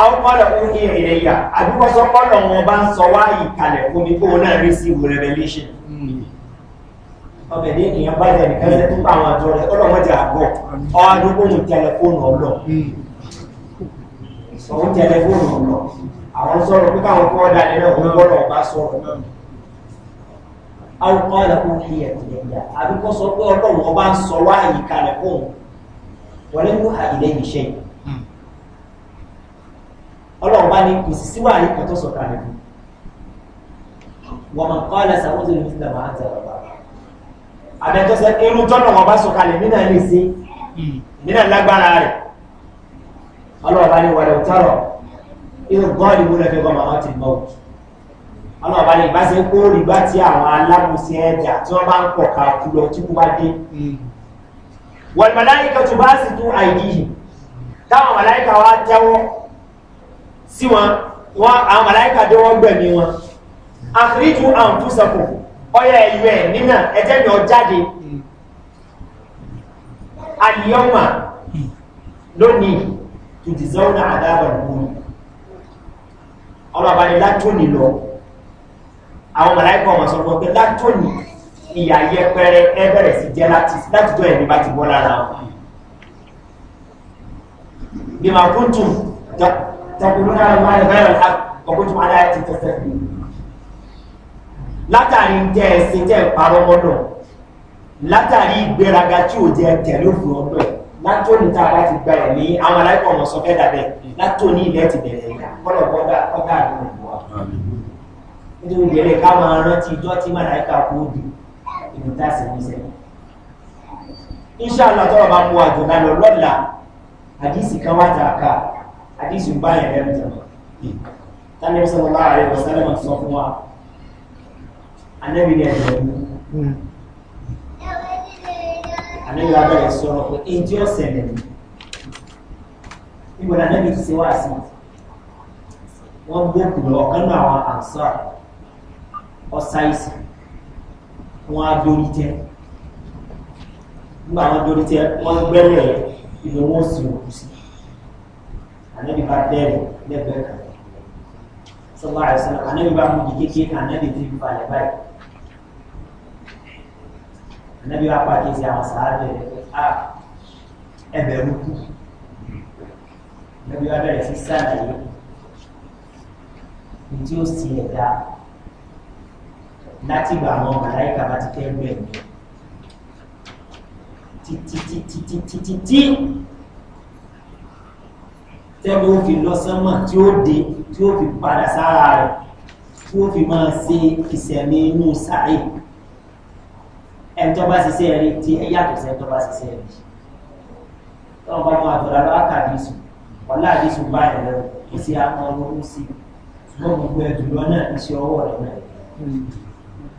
àwọn kọ́lọ̀ ó ní ìrìnlẹ̀ yà àdúgbò sọ kọ́lọ̀ wọn bá ń sọ wá ìkàlẹ̀ fún mi kó náà rí sí ìwò revelation ọbẹ̀ ní èèyàn bá jẹ́ nìkan ṣe tó bá àwọn àjọ rẹ̀ ọlọ́mọ jẹ́ àgọ́ ọdúnkún mu tẹlifóònù ọlọ́ òun hmm. tẹlifóònù ọlọ́ àwọn sọ̀rọ̀ pé káwọn kọ́ dání náà òun bọ́lọ̀ ọba sọ̀rọ̀ àwọn kọ́lọ̀ ó ní ìrìnlẹ̀ yà àdúgbò sọ pé ọlọ́run ọba ọlọ́run bá ní kò sí sí wàhálì kan tó sọ̀tà rẹ̀ wọ́n máa kọ́ àlàsà ó tó lè fi tàbá àti àbàbà àbẹ̀tọ́sẹ̀ irun tọ́nà wọn bá sọ̀kalẹ̀ nínà lè ṣe nínà lágbára rẹ̀ ọlọ́run bá ní wàlẹ̀ òtárọ̀ irun bọ́ọ̀lù múlẹ̀ fẹ́ gbọ́n màmá ti mọ́ ò ọlọ́run bá ìbáṣe kó rìbá tí àwọn alábùsí ẹ̀dà tí wọ́n bá ń pọ̀ ká kú tí kú bá dé wọ̀lùmọ̀láyìí kan tó bá sì tún àìdíyì táwọn mọ̀láyìí wá tẹ́wọ́ sí wọn wọn àwọn màláìka dé wọn gbẹ̀mí wọn àfíríjù àǹfùsọ̀kù ọyọ ẹ̀yọ ẹ̀ nínà ẹ̀jẹ̀ ni ọ jáde àlìyọ́mà lónìí tùdìzọ́nà àdáàbà lónìí ọlọ́ba ni látòní lọ àwọn màláìka ọmọ sọ fún ọ pé látòní ìyà yẹpẹrẹ ẹ bẹ̀rẹ̀ sí jẹ́ láti jọ ẹ̀mí bá ti bọ́ lára wọn bí màá kúntùn tẹ̀kùnrin náà máa ń rẹ̀ ọkùnrin máa láyé ti tẹ̀sẹ̀ pé látàrí tẹ́ ẹ ṣe tẹ́ ẹ látàrí ìgbéraga tí ò jẹ tẹ̀lé òfin ọ̀dọ̀ ẹ̀ látòní tá a bá ti gba ẹ̀ ní àwọn aláìkọ̀ ọmọ sọ fẹ́ dàbẹ̀ látòní ilẹ̀ ti bẹ̀rẹ̀ ìyá kọ́lọ̀ bọ́dà ọ̀gá àdúgbò wa nítorí ìdílé ká máa rántí ijọ́ tí màláìka kú ó dì ìlú tá a sì ní sẹ́yìn inṣàlá tọ́rọ̀ bá mú àjò lálọ́ lọ́la àdìsí kan wá tààkà hadisin baya ya mutu ta ne sallallahu alaihi wasallam sun kuma annabi ne da mu annabi ya bẹ̀rẹ̀ sọ̀rọ̀ pé ẹjẹ́ ọ̀sẹ̀ lẹ́nu níbo ni annabi ti ṣe wá sí wọ́n gbé kùlọ̀ ọ̀kan náà àwọn àǹsà ọ̀sáìsì wọ́n á dórí tẹ́ nígbà wọn dórí tẹ́ wọ́n gbẹ́lẹ̀ ibi wọn ò sì òkú sí anabi bá dẹ́rẹ̀ lẹ́gbẹ̀ẹ́ kan sọlá àìsàn anabi bá mú di kékeré kan anabi ti fi balẹ̀ báyìí anabi bá pàkíyèsí àwọn sàádé rẹ̀ pé a ah, ẹbẹ̀rún kù anabi bá bẹ̀rẹ̀ sí sàlàyé ní tí ó sì ẹ̀dá láti gba àwọn màláìka bá ti kẹ́rù ẹ̀mí títí títí títí títí tẹ́mi ó fi lọ sánmà tí ó dé tí ó fi padà sára rẹ̀ tí ó fi máa ṣe ìsẹ̀mí inú sàárè ẹ̀ńtọ́ bá ṣiṣẹ́ rí tí ẹ yàtọ̀ sí ẹ̀ńtọ́ bá ṣiṣẹ́ rí tọ́wọ́ bá máa tọ̀rọ̀ lọ́wọ́ kàdísù ọ̀la àdísù bá ẹ̀ lọ kò sí àwọn ọlọ́run sí wọ́n gbogbo ẹ̀dùnlọ náà iṣẹ́ ọwọ́ rẹ̀ náà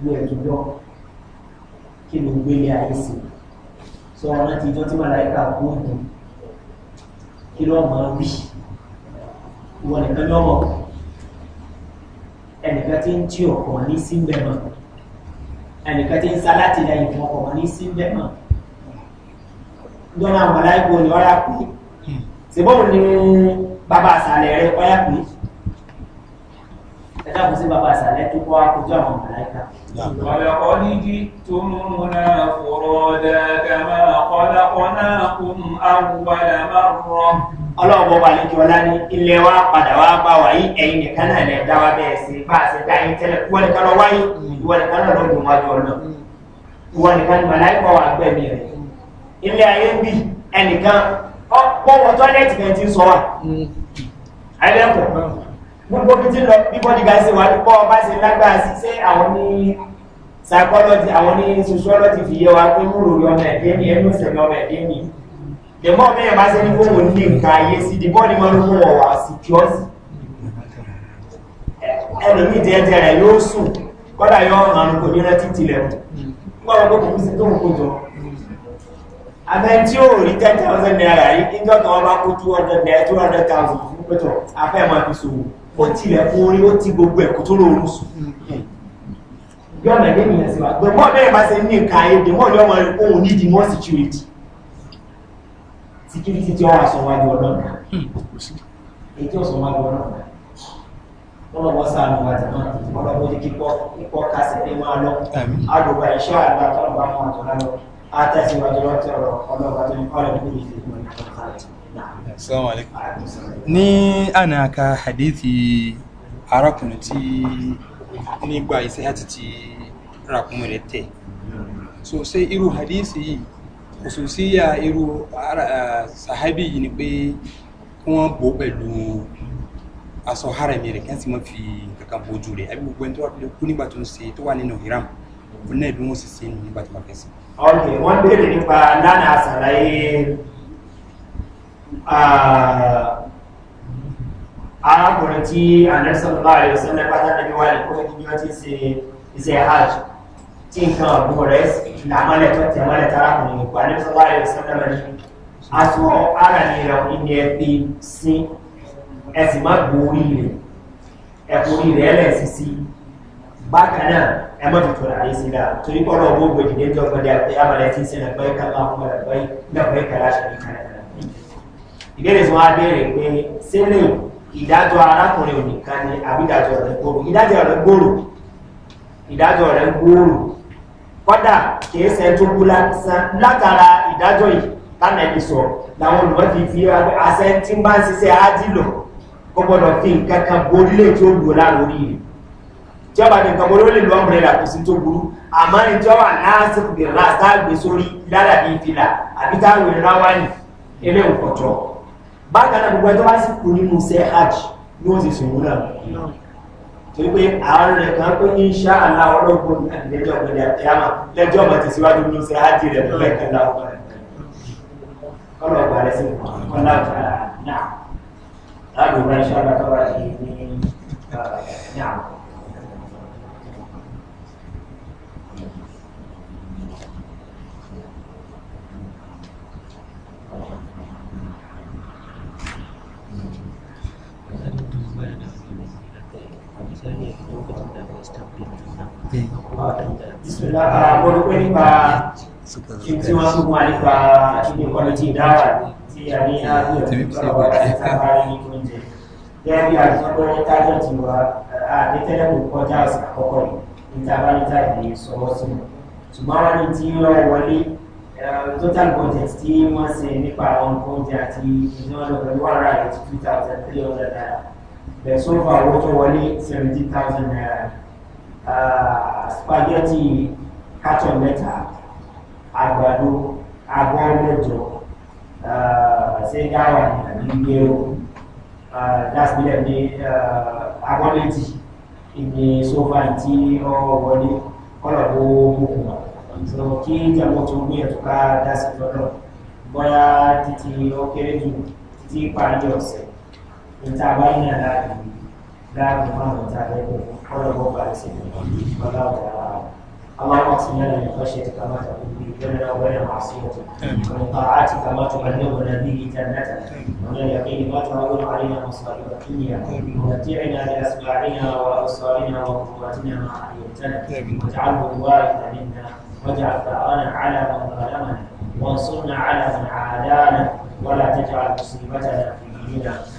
gbogbo ẹ̀dùnlọ kí ló gbélé ayé sí sọ ọ̀nà tí ìjọ tí màláìka kú kí ló máa wí ìwọ nìkan lọ́wọ́ ẹnìkan tí ń tí ọ̀pọ̀ ní síbẹ̀ mọ́ ẹnìkan tí ń sa láti lẹ́yìn fún ọ̀pọ̀ ní síbẹ̀ mọ́ dọ́nà àwọn aláìkò ni ọ̀rá pé ṣèbọ̀n ni bàbá àṣàlẹ̀ rẹ̀ ọ̀yà pé ẹ̀dá kò sí bàbá àṣàlẹ̀ tó kọ́ àkójọ àwọn mọ̀láìkà. Ọ̀lọ́kọ́ nídìí tó múná fòrò dàgàmà ọ̀lọ́kọ́ náà kún àwùwàlà máa rọ. Ọlọ́ọ̀bọ̀ wà ní Jọlá ní ilé wa padà wá bá wà yí ẹ̀yin nìkan náà lẹ̀ dá wa bẹ́ẹ̀ sí bá a ṣe dá yín tẹ́lẹ̀ ìwọ nìkan lọ wáyé ìwọ nìkan náà ló dùn wájú ọ̀nà. Ìwọ nìkan ní Màláìkọ̀ wà gbẹ̀mí rẹ̀. Ilé ayé ń bì ẹnìkan ọ̀pọ̀ wọn tọ́lẹ̀tì kan ti sọ wà. Ayẹ́lẹ́kùn gbogbo bí tí lọ bí bọ́dìgà ṣe wà nípa ọba ṣe lágbára sí ṣé àwọn ní psychology àwọn ní sociology fi yẹ wa pé múlò rí ọmọ ẹ̀dẹ́ ni ẹnu ìṣẹ̀lẹ̀ ọmọ ẹ̀dẹ́ ni tẹ̀mọ́ mi ẹ̀ bá ṣe ní kó wò ní nǹkan ayé sí di bọ́ọ̀dì máa ń mú wọ̀ wá sí kíọ́sì ẹlòmíì jẹjẹ rẹ̀ yóò sùn kọ́dà yọ ọ̀ràn kò ní rántí tilẹ̀ mú nígbà wọn kò kú sí tó ń kó jọ ó tilẹ̀ fún orí ó ti gbogbo ẹ̀kú tó lóorun sùn bí ọ̀nà gẹ́gẹ́ yẹn sì wà pé mọ́ bẹ́ẹ̀ bá ṣe ní nǹkan ayédè mọ́ ní ọmọ ohun nídìí mọ́ security security tí wọ́n aṣọ wájú ọlọ́ọ̀nà èyí tí ọ̀ṣọ́ wájú ọlọ́ọ̀nà ọlọ́wọ́ sáànù àti náà ọlọ́wọ́ ní kíkọ́ kíkọ́ kásẹ̀ pé máa lọ àgbègbè iṣẹ́ àgbà tọ́lọ̀ bá mọ́ àtọ́lá lọ àtẹ̀síwájú lọ́tẹ̀ ọ̀rọ̀ ọlọ́wọ́ tó ń kọ́ Assalamu alaikum. Ní àná ka hadithi arákùnrin tí nígbà iṣẹ́ àti ti rakùnrin rẹ̀ tẹ̀. So ṣé irú hadithi yìí kòsòsíyà irú sahabi yìí ni pé kí wọ́n bò pẹ̀lú aṣọ harami rẹ̀ kí wọ́n sì máa fi kankan bójú rẹ̀ àbí gbogbo ẹni tó wà pẹ̀lú kú nígbà tó ń ṣe tó wà nínú hiram òun náà wọ́n sì ṣe nígbà tó wà fẹ́ sí. ok wọ́n nípa lánàá àṣàlàyé arákùnrin tí anẹ́sọ̀lá àìsànlẹ̀ pátá nàbí wà lẹ́kọ́ ìdíjọ́ ti ṣe iṣẹ́ hajj tí nǹkan ọ̀gbọ́n rẹ̀ làmọ́lẹ̀ tó tẹ̀ mọ́lẹ̀ tarákùnrin ìpò anẹ́sọ̀lá àìsànlẹ̀ rẹ̀ àtúwọ̀ ara ni rẹ̀ ní ẹgbẹ́ sí ẹ̀sìn má gbórí rẹ̀ ẹ̀kúrí rẹ̀ ẹlẹ́sìn sí bákan náà ẹ má tuntun rà yìí sí dáa torí kọ́ ọ̀rọ̀ ọgbọ́n ìbéèrè tí wọ́n á béèrè pé sílẹ̀ ìdájọ́ arákùnrin òníkan ni àbí ìdájọ́ rẹ̀ gbòòrò ìdájọ́ rẹ̀ gbòòrò ìdájọ́ rẹ̀ gbòòrò kọ́dà kìí ṣe tó kú látara ìdájọ́ yìí tánàbí sọ làwọn olùwọ́ fi fi àṣẹ tí ń bá ń ṣiṣẹ́ ájì lọ kó gbọ́dọ̀ fi nǹkan kan borílẹ̀ tó lù lára orí rẹ̀ tí ọba ní nǹkan borílẹ̀ lù ọmọrẹ́ rà kò sí tó burú àmọ́ ní tí ọba láàṣìkò bẹ̀rẹ̀ láàṣìkò gbé sórí ládàbí ìfìlà àbí táwọn ìrìnà wáyé eléwòkọ̀tọ̀ bákan náà gbogbo ẹjọ́ bá sì kú nínú iṣẹ́ hajj ni wọ́n ti sòwò náà torí pé àwọn rẹ̀ kan pé ní ṣá àlá ọlọ́gbọ́n lẹ́jọ́ ọ̀gbẹ́ni àtẹ́yàmà lẹ́jọ́ ọ̀gbẹ́ ti síwájú nínú iṣẹ́ hajj rẹ̀ tó lẹ́kẹ́ ńlá ọgbà rẹ̀ kọ́lọ̀ ọgbà rẹ̀ misali a lokacin da aka stamfin nan akwai waɗanda suna a wani kwani ba shi ji wasu kwani ba a cikin kwalitin dawa sai ya ne ya zuwa da ba da ta fara yi kunje ya bi a zuwa wani tajar cewa a ita da total budget tí wọ́n ṣe nípa àwọn oúnjẹ àti ìdánwò pẹ̀lú one hundred and two thousand three hundred naira the sofa owó tó wọlé seventy thousand naira ah, spaghetti carton mẹ́ta àgbàdo abọ́ mẹ́jọ ah, ṣẹ́gáwà àbí gbèrò dásílẹ̀ ní abọ́ méjì ìní sofa tí ọ wọlé kọ́lọ̀ tó mọ̀kùn wà so kí jẹ́mọ́ tó gbé ẹ̀tùká dásílẹ̀ lọ́dọ̀ bọ́yá títí ó kéré jù títí parí ọ̀sẹ̀ تعبان لا لا تمام تعليم ولا ربع سنين ولا تعالى اللهم اقسم لنا من خشيتك ما تقول به بيننا وبين معصيتك ومن طاعتك ما تبلغنا به جنتك ومن اليقين ما تهون علينا مصائب الدنيا ومتعنا باسماعنا وابصارنا وقواتنا ما احييتنا واجعله الوارث منا واجعل ثارنا على من ظلمنا وانصرنا على من عادانا ولا تجعل مصيبتنا في ديننا